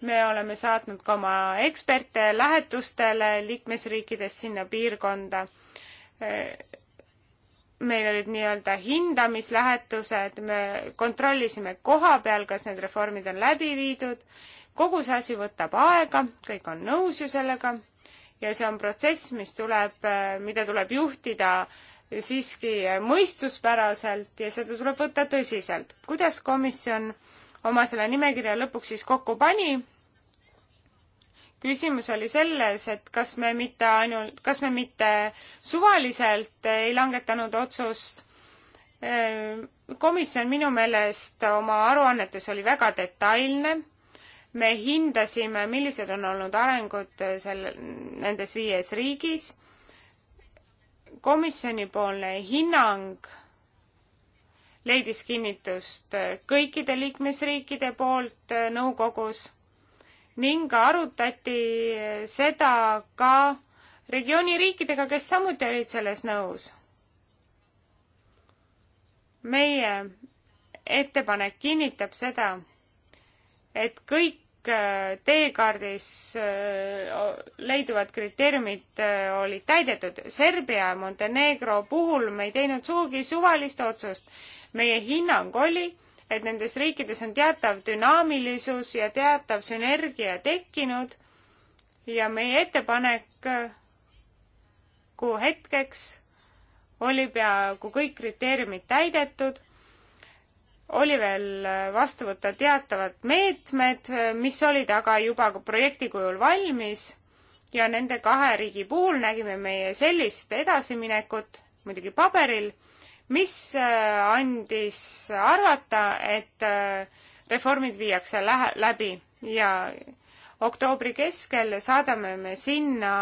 me oleme saatnud ka oma eksperte lähetustele liikmesriikides sinna piirkonda meil olid nii-öelda hindamislähetused, me kontrollisime koha peal, kas need reformid on läbi viidud. kogu see asi võtab aega, kõik on nõus ju sellega ja see on protsess, mis tuleb, äh, mida tuleb juhtida siiski mõistuspäraselt ja seda tuleb võtta tõsiselt. kuidas komisjon oma selle nimekirja lõpuks siis kokku pani? küsimus oli selles, et kas me mitte ainult, kas me mitte suvaliselt ei langetanud otsust. komisjon minu meelest oma aruannetes oli väga detailne. me hindasime, millised on olnud arengud seal nendes viies riigis. komisjonipoolne hinnang leidis kinnitust kõikide liikmesriikide poolt nõukogus ning arutati seda ka regiooni riikidega, kes samuti olid selles nõus. meie ettepanek kinnitab seda, et kõik äh, teekaardis äh, leiduvad kriteeriumid äh, olid täidetud. Serbia ja Montenegro puhul me ei teinud sugugi suvalist otsust. meie hinnang oli, et nendes riikides on teatav dünaamilisus ja teatav sünergia tekkinud ja meie ettepanek äh, kuu hetkeks oli peaaegu kõik kriteeriumid täidetud, oli veel äh, vastu võtta teatavad meetmed, äh, mis olid aga juba ka projekti kujul valmis ja nende kahe riigi puhul nägime meie sellist edasiminekut muidugi paberil mis äh, andis arvata, et äh, reformid viiakse lähe, läbi ja oktoobri keskel saadame me sinna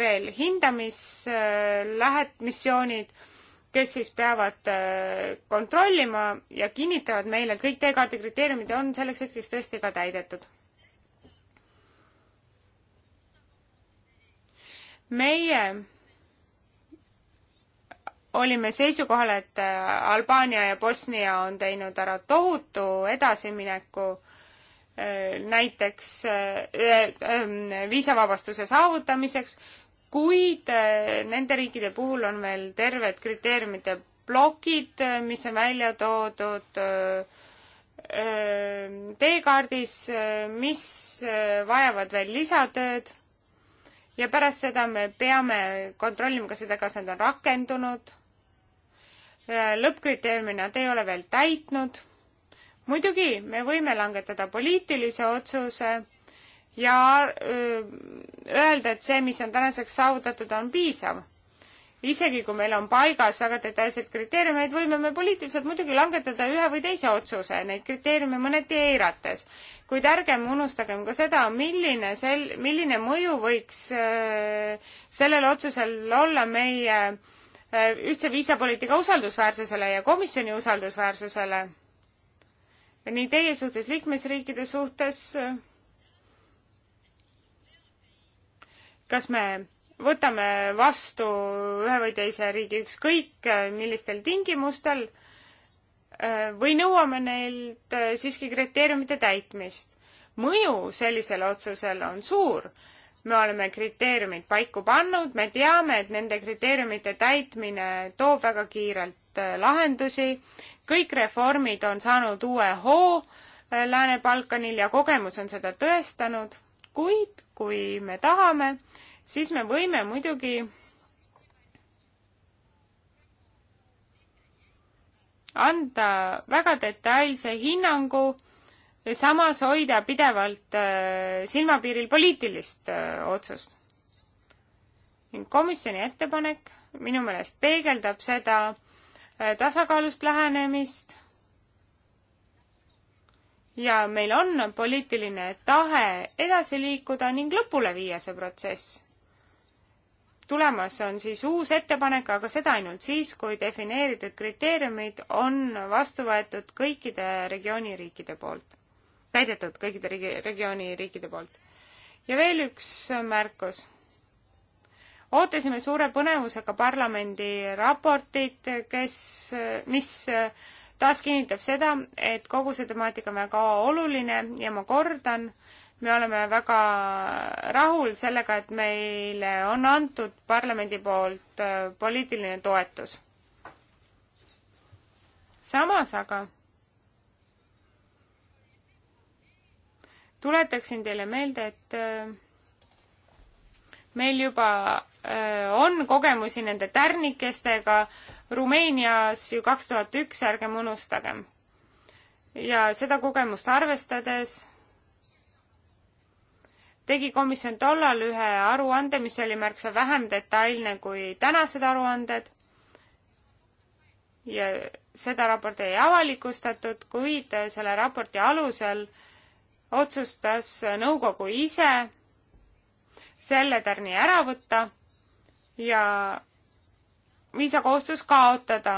veel hindamislähet-, äh, missioonid, kes siis peavad kontrollima ja kinnitavad meile, et kõik teekaardi kriteeriumid on selleks hetkeks tõesti ka täidetud meie olime seisukohal, et äh, Albaania ja Bosnia on teinud ära tohutu edasimineku äh, näiteks äh, ähm, viisavabastuse saavutamiseks, kuid nende riikide puhul on veel terved kriteeriumite plokid, mis on välja toodud teekaardis, mis vajavad veel lisatööd ja pärast seda me peame kontrollima ka seda, kas nad on rakendunud Äh, lõppkriteeriumi nad ei ole veel täitnud. muidugi me võime langetada poliitilise otsuse ja äh, öelda, et see, mis on tänaseks saavutatud, on piisav. isegi kui meil on paigas väga detailsed kriteeriumid, võime me poliitiliselt muidugi langetada ühe või teise otsuse, neid kriteeriume mõneti eirates. kuid ärgem unustagem ka seda, milline sel-, milline mõju võiks äh, sellel otsusel olla meie äh, Äh, ühtse viisapoliitika usaldusväärsusele ja komisjoni usaldusväärsusele. nii teie suhtes, liikmesriikide suhtes. kas me võtame vastu ühe või teise riigi ükskõik äh, millistel tingimustel äh, või nõuame neilt siiski kriteeriumite täitmist? mõju sellisel otsusel on suur me oleme kriteeriumid paiku pannud, me teame, et nende kriteeriumite täitmine toob väga kiirelt äh, lahendusi, kõik reformid on saanud uue hoo äh, Lääne-Balkanil ja kogemus on seda tõestanud, kuid kui me tahame, siis me võime muidugi anda väga detailse hinnangu samas hoida pidevalt äh, silmapiiril poliitilist äh, otsust. ning komisjoni ettepanek minu meelest peegeldab seda äh, tasakaalust lähenemist ja meil on poliitiline tahe edasi liikuda ning lõpule viia see protsess. tulemas on siis uus ettepanek, aga seda ainult siis, kui defineeritud kriteeriumid on vastu võetud kõikide regiooni riikide poolt täidetud kõikide riigi, regiooni riikide poolt. ja veel üks märkus. ootasime suure põnevusega parlamendi raportit, kes, mis taas kinnitab seda, et kogu see temaatika on väga oluline ja ma kordan, me oleme väga rahul sellega, et meile on antud parlamendi poolt poliitiline toetus. samas aga tuletaksin teile meelde, et äh, meil juba äh, on kogemusi nende tärnikestega Rumeenias ju kaks tuhat üks, ärgem unustagem. ja seda kogemust arvestades tegi komisjon tollal ühe aruande, mis oli märksa vähem detailne kui tänased aruanded. ja seda raporti ei avalikustatud, kuid selle raporti alusel äh, otsustas nõukogu ise selle tärni ära võtta ja viisakohustus kaotada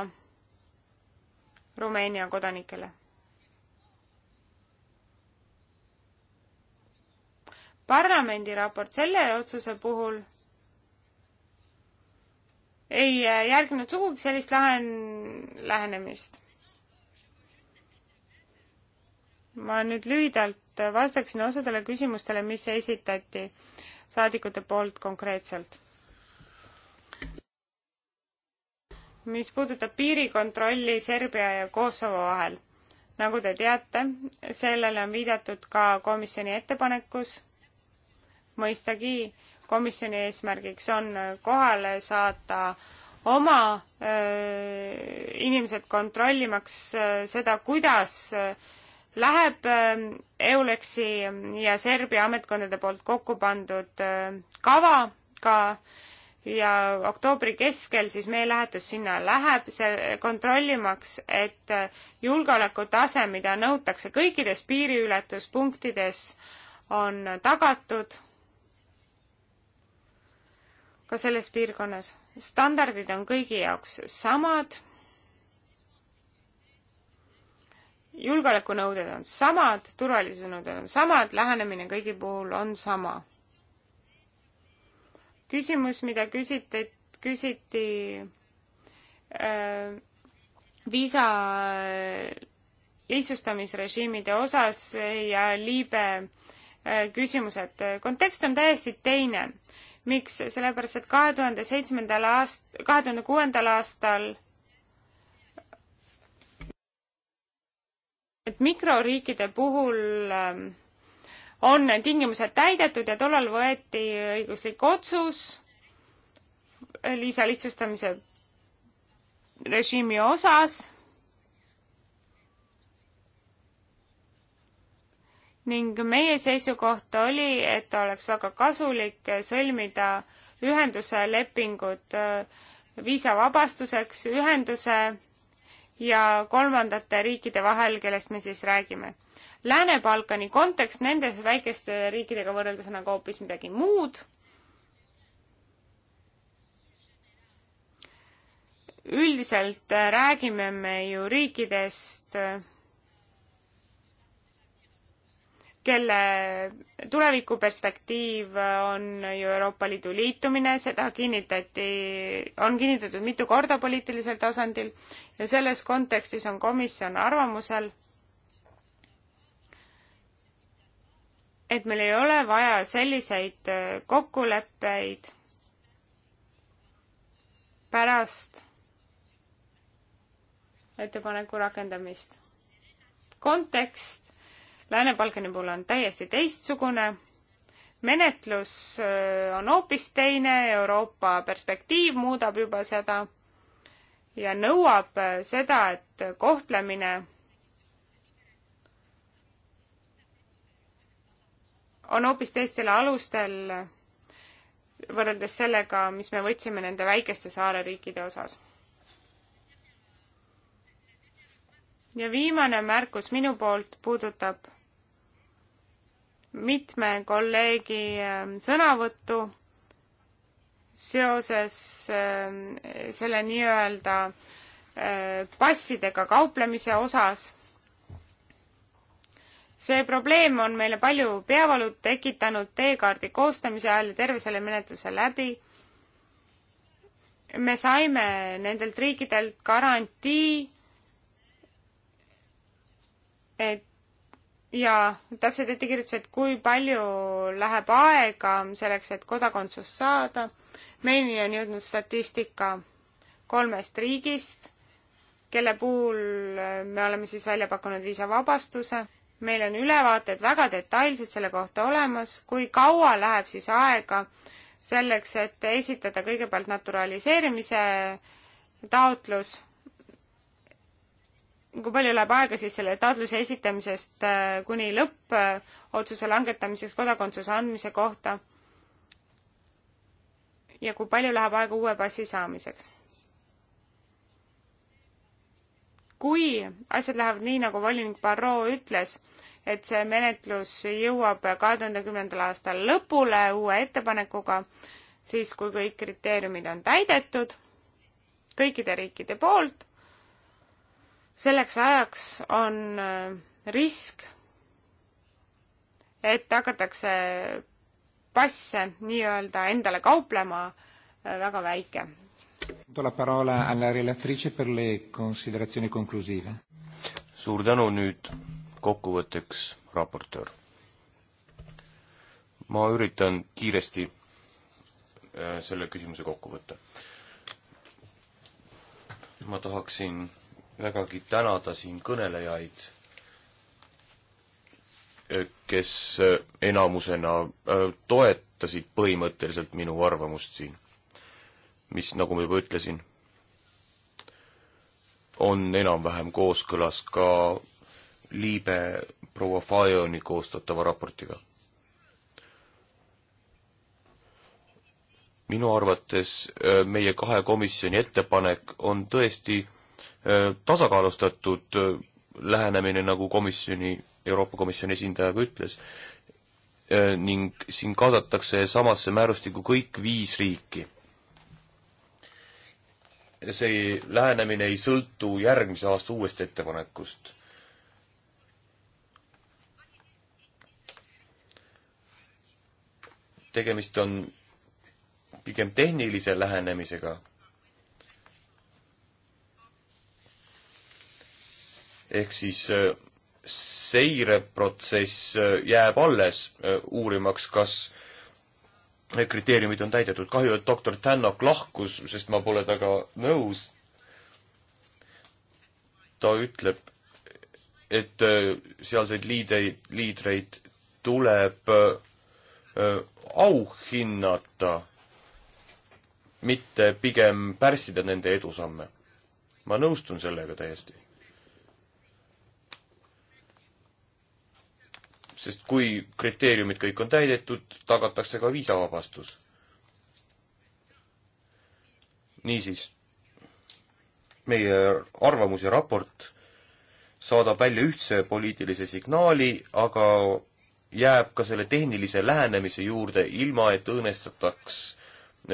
Rumeenia kodanikele. parlamendi raport selle otsuse puhul ei järginud sugugi sellist lähen-, lähenemist ma nüüd lühidalt vastaksin osadele küsimustele, mis esitati saadikute poolt konkreetselt. mis puudutab piirikontrolli Serbia ja Kosovo vahel, nagu te teate, sellele on viidatud ka komisjoni ettepanekus. mõistagi, komisjoni eesmärgiks on kohale saata oma öö, äh, inimesed kontrollimaks öö, äh, seda, kuidas öö, äh, läheb ähm, EULEX-i ja Serbia ametkondade poolt kokku pandud ähm, kava ka ja oktoobri keskel siis meie lähetus sinna läheb, see kontrollimaks, et äh, julgeolekutase, mida nõutakse kõikides piiriületuspunktides, on tagatud ka selles piirkonnas. standardid on kõigi jaoks samad julgeolekunõuded on samad, turvalisuse nõuded on samad, lähenemine kõigi puhul on sama. küsimus, mida küsiti, küsiti äh, viisa lihtsustamisrežiimide osas ja liibe äh, küsimused. kontekst on täiesti teine. miks? sellepärast, et kahe tuhande seitsmendal aast-, kahe tuhande kuuendal aastal et mikroriikide puhul ähm, on tingimused täidetud ja tollal võeti õiguslik otsus Liisa lihtsustamise režiimi osas ning meie seisukoht oli, et oleks väga kasulik sõlmida ühenduse lepingud äh, viisavabastuseks ühenduse ja kolmandate riikide vahel, kellest me siis räägime. Lääne-Balkani kontekst nende väikeste riikidega võrreldes on aga hoopis midagi muud. üldiselt räägime me ju riikidest kelle tulevikuperspektiiv on ju Euroopa Liidu liitumine, seda kinnitati, on kinnitatud mitu korda poliitilisel tasandil ja selles kontekstis on komisjon arvamusel, et meil ei ole vaja selliseid kokkuleppeid pärast ettepaneku rakendamist. kontekst Lääne-Balkani puhul on täiesti teistsugune, menetlus äh, on hoopis teine, Euroopa perspektiiv muudab juba seda ja nõuab äh, seda, et kohtlemine on hoopis teistel alustel võrreldes sellega, mis me võtsime nende väikeste saareriikide osas. ja viimane märkus minu poolt puudutab mitme kolleegi ähm, sõnavõttu seoses ähm, selle nii-öelda äh, passidega kauplemise osas. see probleem on meile palju peavalu tekitanud teekaardi koostamise ajal ja terve selle menetluse läbi. me saime nendelt riikidelt garantii, et ja täpsed ettekirjutused, kui palju läheb aega selleks, et kodakondsust saada. meieni on jõudnud statistika kolmest riigist, kelle puhul äh, me oleme siis välja pakkunud viisavabastuse. meil on ülevaated väga detailsed selle kohta olemas, kui kaua läheb siis aega selleks, et esitada kõigepealt naturaliseerimise taotlus kui palju läheb aega siis selle taotluse esitamisest äh, kuni lõppotsuse langetamiseks kodakondsuse andmise kohta? ja kui palju läheb aega uue passi saamiseks? kui asjad lähevad nii, nagu volinik Barrot ütles, et see menetlus jõuab kahe tuhande kümnendal aastal lõpule uue ettepanekuga, siis kui kõik kriteeriumid on täidetud kõikide riikide poolt selleks ajaks on äh, risk, et hakatakse passe nii-öelda endale kauplema äh, väga väike. suur tänu nüüd kokkuvõtteks, raportöör. ma üritan kiiresti äh, selle küsimuse kokku võtta. ma tahaksin vägagi tänada siin kõnelejaid, kes enamusena äh, toetasid põhimõtteliselt minu arvamust siin, mis, nagu ma juba ütlesin, on enam-vähem kooskõlas ka liibe proua Fajoni koostatava raportiga. minu arvates äh, meie kahe komisjoni ettepanek on tõesti Äh, tasakaalustatud äh, lähenemine, nagu komisjoni, Euroopa Komisjoni esindaja ka ütles, äh, ning siin kaasatakse samasse määrustikku kõik viis riiki. see lähenemine ei sõltu järgmise aasta uuest ettepanekust. tegemist on pigem tehnilise lähenemisega ehk siis äh, seireprotsess äh, jääb alles äh, uurimaks, kas kriteeriumid on täidetud. kahju, et doktor Tänak lahkus, sest ma pole temaga nõus. ta ütleb, et sealseid liideid, liidreid tuleb auhinnata, mitte pigem pärssida nende edusamme. ma nõustun sellega täiesti. sest kui kriteeriumid kõik on täidetud, tagatakse ka viisavabastus. niisiis, meie arvamus ja raport saadab välja ühtse poliitilise signaali, aga jääb ka selle tehnilise lähenemise juurde, ilma et õõnestataks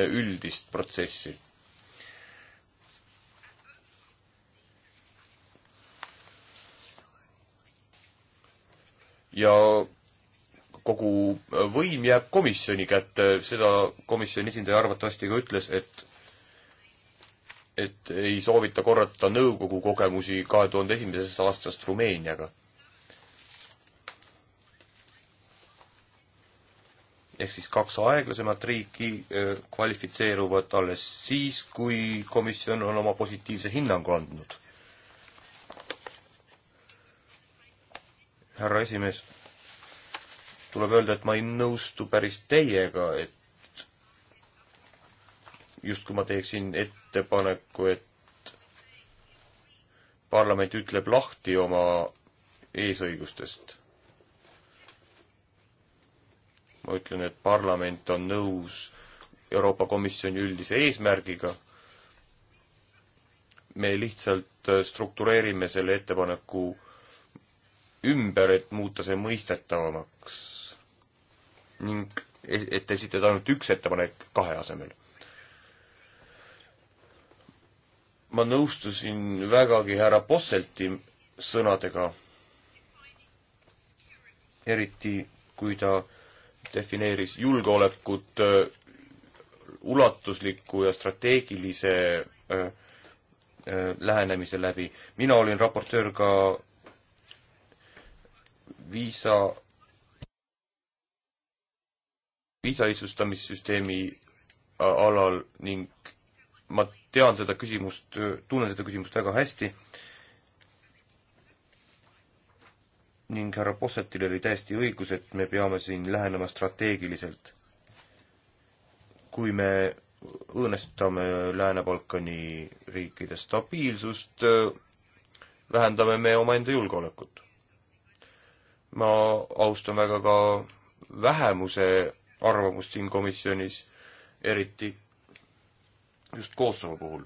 üldist protsessi ja kogu võim jääb komisjoni kätte, seda komisjoni esindaja arvatavasti ka ütles, et et ei soovita korrata nõukogu kogemusi kahe tuhande esimesest aastast Rumeeniaga. ehk siis kaks aeglasemat riiki eh, kvalifitseeruvad alles siis, kui komisjon on oma positiivse hinnangu andnud härra esimees, tuleb öelda, et ma ei nõustu päris teiega, et justkui ma teeksin ettepaneku, et parlament ütleb lahti oma eesõigustest. ma ütlen, et parlament on nõus Euroopa Komisjoni üldise eesmärgiga, me lihtsalt struktureerime selle ettepaneku ümber, et muuta see mõistetavamaks ning et esitada ainult üks ettepanek kahe asemel. ma nõustusin vägagi härra Posselti sõnadega, eriti kui ta defineeris julgeolekut äh, ulatusliku ja strateegilise äh, äh, lähenemise läbi. mina olin raportöör ka viisa, viisaisustamissüsteemi äh, alal ning ma tean seda küsimust, tunnen seda küsimust väga hästi. ning härra Possetil oli täiesti õigus, et me peame siin lähenema strateegiliselt. kui me õõnestame Lääne-Balkani riikide stabiilsust, äh, vähendame me omaenda julgeolekut ma austan väga ka vähemuse arvamust siin komisjonis, eriti just Kosovo puhul.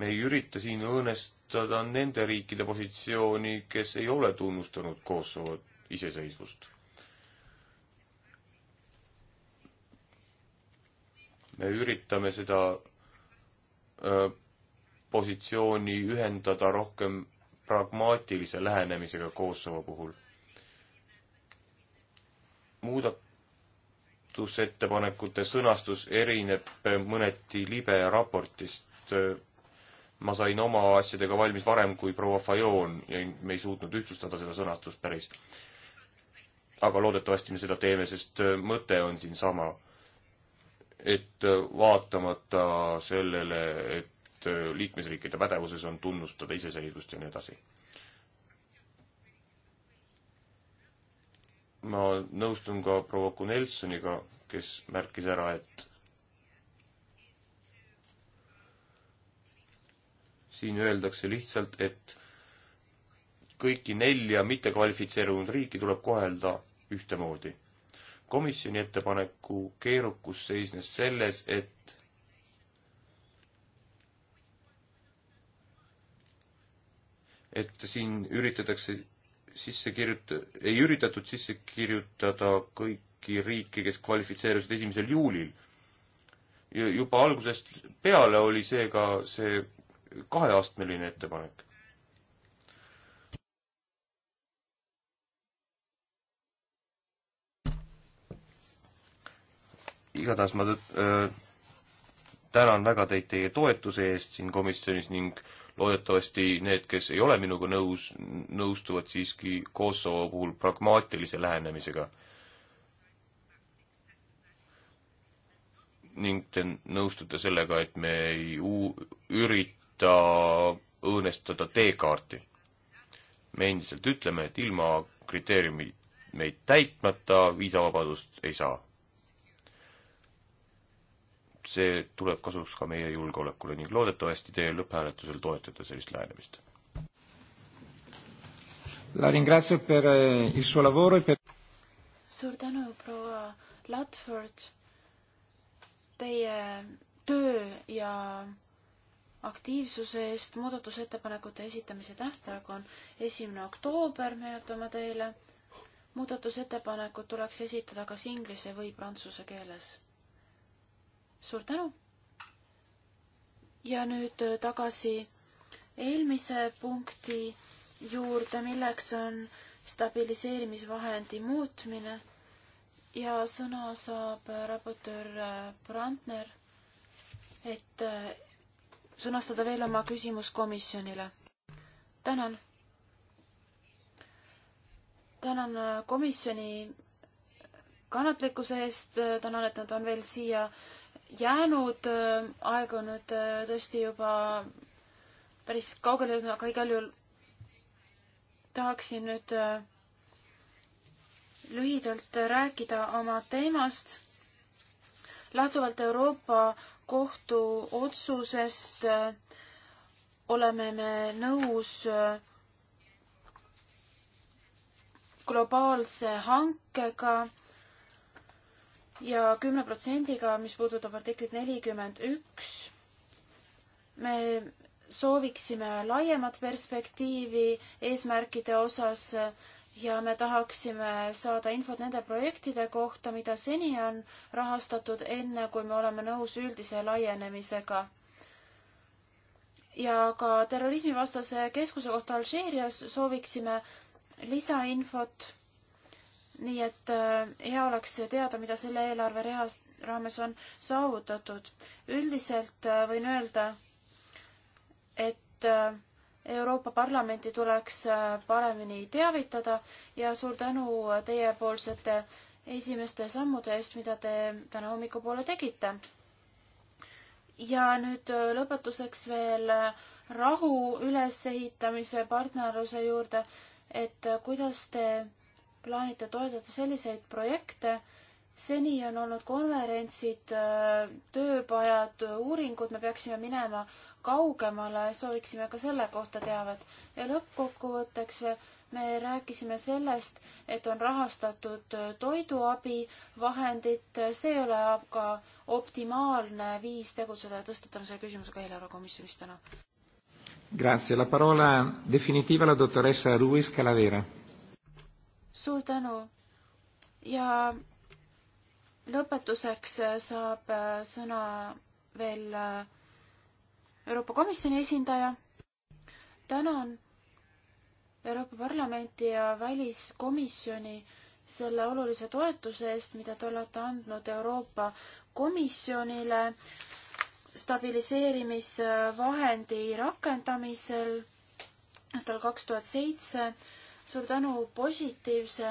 me ei ürita siin õõnestada nende riikide positsiooni, kes ei ole tunnustanud Kosovo iseseisvust. me üritame seda öö, äh, positsiooni ühendada rohkem pragmaatilise lähenemisega Kosovo puhul. muudatusettepanekute sõnastus erineb mõneti libe raportist. ma sain oma asjadega valmis varem kui proua Fajon ja me ei suutnud ühtlustada seda sõnastust päris. aga loodetavasti me seda teeme, sest mõte on siin sama. et vaatamata sellele, et et äh, liikmesriikide pädevuses on tunnustada iseseisvust ja nii edasi. ma nõustun ka proua Kunelsoniga, kes märkis ära, et siin öeldakse lihtsalt, et kõiki nelja mittekvalifitseerunud riiki tuleb kohelda ühtemoodi. komisjoni ettepaneku keerukus seisnes selles, et et siin üritatakse sisse kirjuta-, ei üritatud sisse kirjutada kõiki riike, kes kvalifitseerusid esimesel juulil. juba algusest peale oli seega see kaheastmeline ettepanek. igatahes ma tõ- äh,, tänan väga teid teie toetuse eest siin komisjonis ning äh, loodetavasti need, kes ei ole minuga nõus, nõustuvad siiski Kosovo puhul pragmaatilise lähenemisega. ning te nõustute sellega, et me ei ürita õõnestada teekaarti. me endiselt ütleme, et ilma kriteeriumi meid täitmata viisavabadust ei saa see tuleb kasuks ka meie julgeolekule ning loodetavasti teie lõpphääletusel toetate sellist lähenemist. Eh, e suur tänu, proua Ladford, teie töö ja aktiivsuse eest. muudatusettepanekute esitamise tähtaeg on esimene oktoober, meenutame teile. muudatusettepanekud tuleks esitada kas inglise või prantsuse keeles suur tänu. ja nüüd äh, tagasi eelmise punkti juurde, milleks on stabiliseerimisvahendi muutmine ja sõna saab äh, raportöör äh, Brandner, et sõnastada veel oma küsimus komisjonile. tänan. tänan komisjoni kannatlikkuse eest, tänan, et nad on veel siia jäänud, äh, aeg on nüüd äh, tõesti juba päris kaugele jõudnud, aga igal juhul tahaksin nüüd äh, lühidalt rääkida oma teemast. lähtuvalt Euroopa Kohtu otsusest oleme me nõus globaalse hankega ja kümne protsendiga, mis puudutab artiklit nelikümmend üks, me sooviksime laiemat perspektiivi eesmärkide osas ja me tahaksime saada infot nende projektide kohta, mida seni on rahastatud, enne kui me oleme nõus üldise laienemisega. ja ka terrorismivastase keskuse kohta Alžeerias sooviksime lisainfot nii et äh, hea oleks teada, mida selle eelarve rehas, raames on saavutatud. üldiselt äh, võin öelda, et äh, Euroopa Parlamenti tuleks paremini teavitada ja suur tänu teiepoolsete esimeste sammude eest, mida te täna hommikupoole tegite. ja nüüd lõpetuseks veel rahu ülesehitamise partnerluse juurde, et kuidas te plaanite toetada selliseid projekte, seni on olnud konverentsid, tööpajad, uuringud, me peaksime minema kaugemale, sooviksime ka selle kohta teavet. ja lõppkokkuvõtteks me rääkisime sellest, et on rahastatud toiduabivahendit, see ei ole aga optimaalne viis tegutseda ja tõstetan selle küsimuse ka eelarvekomisjonis täna. Grazie, la parola definitiva la dottoressa Ruiz Calavera suur tänu ja lõpetuseks äh, saab äh, sõna veel äh, Euroopa Komisjoni esindaja. tänan Euroopa Parlamenti ja Väliskomisjoni selle olulise toetuse eest, mida te olete andnud Euroopa Komisjonile stabiliseerimisvahendi rakendamisel aastal kaks tuhat seitse suur tänu positiivse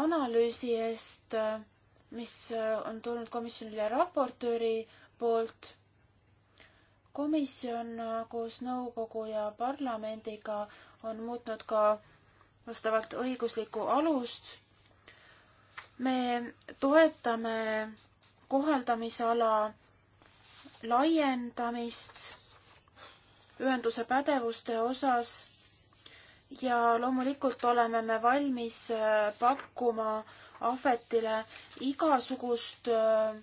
analüüsi eest, mis on tulnud komisjonile raportööri poolt. komisjon koos nõukogu ja parlamendiga on muutnud ka vastavalt õiguslikku alust. me toetame kohaldamisala laiendamist ühenduse pädevuste osas ja loomulikult oleme me valmis äh, pakkuma Ahvetile igasugust äh,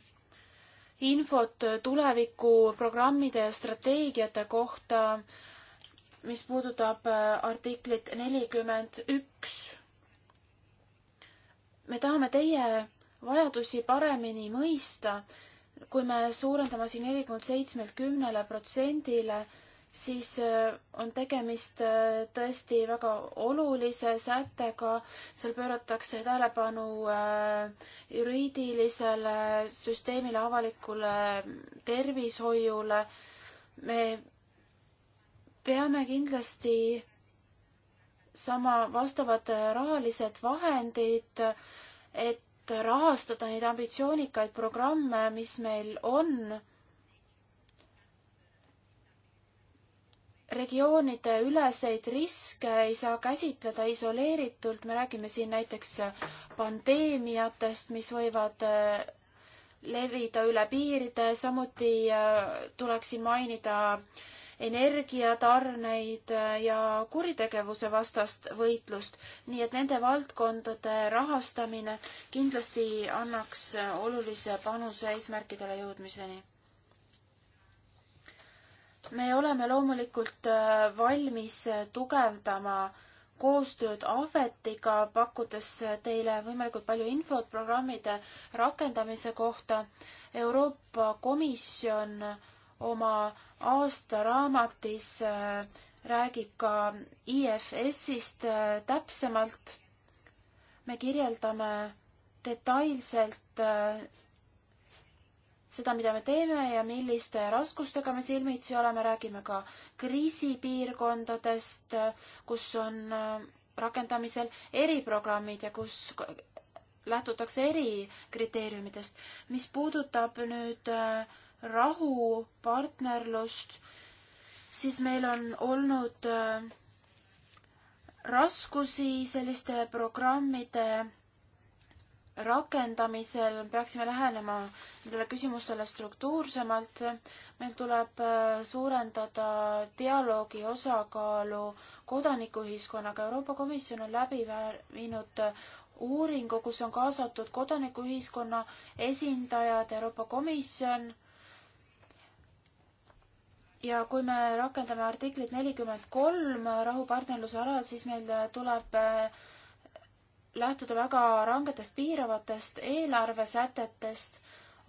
infot tulevikuprogrammide ja strateegiate kohta, mis puudutab äh, artiklit nelikümmend üks. me tahame teie vajadusi paremini mõista, kui me suurendame siin nelikümmend seitsmelt kümnele protsendile siis äh, on tegemist äh, tõesti väga olulise sättega, seal pööratakse tähelepanu äh, juriidilisele süsteemile, avalikule tervishoiule. me peame kindlasti sama vastavad rahalised vahendid, et rahastada neid ambitsioonikaid programme, mis meil on regioonide üleseid riske ei saa käsitleda isoleeritult, me räägime siin näiteks pandeemiatest, mis võivad eh, levida üle piiride, samuti eh, tuleks siin mainida energiatarneid eh, ja kuritegevuse vastast võitlust, nii et nende valdkondade rahastamine kindlasti annaks olulise panuse eesmärkidele jõudmiseni me oleme loomulikult äh, valmis tugevdama koostööd Ahvetiga, pakkudes teile võimalikult palju infot programmide rakendamise kohta. Euroopa Komisjon oma aastaraamatis äh, räägib ka IFS-ist äh, täpsemalt. me kirjeldame detailselt seda, mida me teeme ja milliste raskustega me silmitsi oleme, räägime ka kriisipiirkondadest, kus on äh, rakendamisel eriprogrammid ja kus lähtutakse erikriteeriumidest. mis puudutab nüüd äh, rahu, partnerlust, siis meil on olnud äh, raskusi selliste programmide rakendamisel peaksime lähenema nendele küsimustele struktuursemalt. meil tuleb äh, suurendada dialoogi osakaalu kodanikuühiskonnaga. Euroopa Komisjon on läbi viinud uuringu, kus on kaasatud kodanikuühiskonna esindajad, Euroopa Komisjon. ja kui me rakendame artiklit nelikümmend kolm rahupartnerluse alal, siis meil tuleb äh, lähtuda väga rangetest piiravatest eelarvesätetest.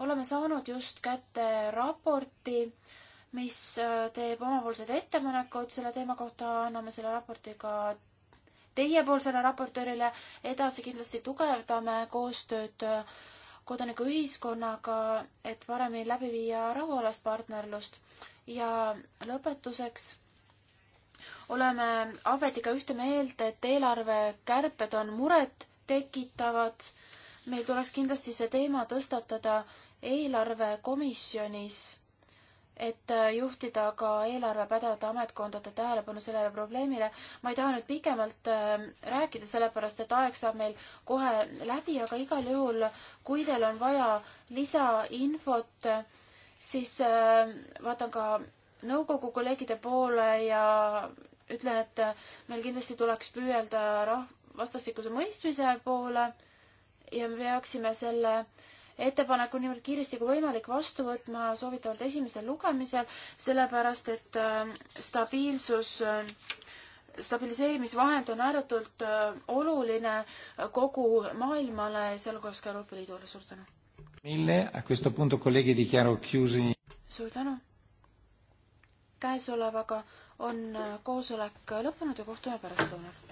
oleme saanud just kätte raporti, mis äh, teeb omapoolseid ettepanekuid selle teema kohta, anname selle raporti ka teiepoolsele raportöörile edasi, kindlasti tugevdame koostööd äh, kodanikuühiskonnaga, et paremini läbi viia rahualast partnerlust. ja lõpetuseks oleme Avetiga ühte meelt, et eelarvekärped on muret tekitavad. meil tuleks kindlasti see teema tõstatada eelarvekomisjonis, et juhtida ka eelarvepädevate ametkondade tähelepanu sellele probleemile. ma ei taha nüüd pikemalt ähm, rääkida, sellepärast et aeg saab meil kohe läbi, aga igal juhul, kui teil on vaja lisainfot, siis ähm, vaatan ka nõukogu kolleegide poole ja ütlen, et meil kindlasti tuleks püüelda rah-, vastastikuse mõistmise poole ja me peaksime selle ettepaneku niivõrd kiiresti kui võimalik vastu võtma soovitavalt esimesel lugemisel, sellepärast et äh, stabiilsus, äh, stabiliseerimisvahend on ääretult äh, oluline kogu maailmale, sealhulgas ka Euroopa Liidule. suur tänu! suur tänu! käesolevaga on äh, koosolek äh, lõppenud ja kohtume pärastlõunal.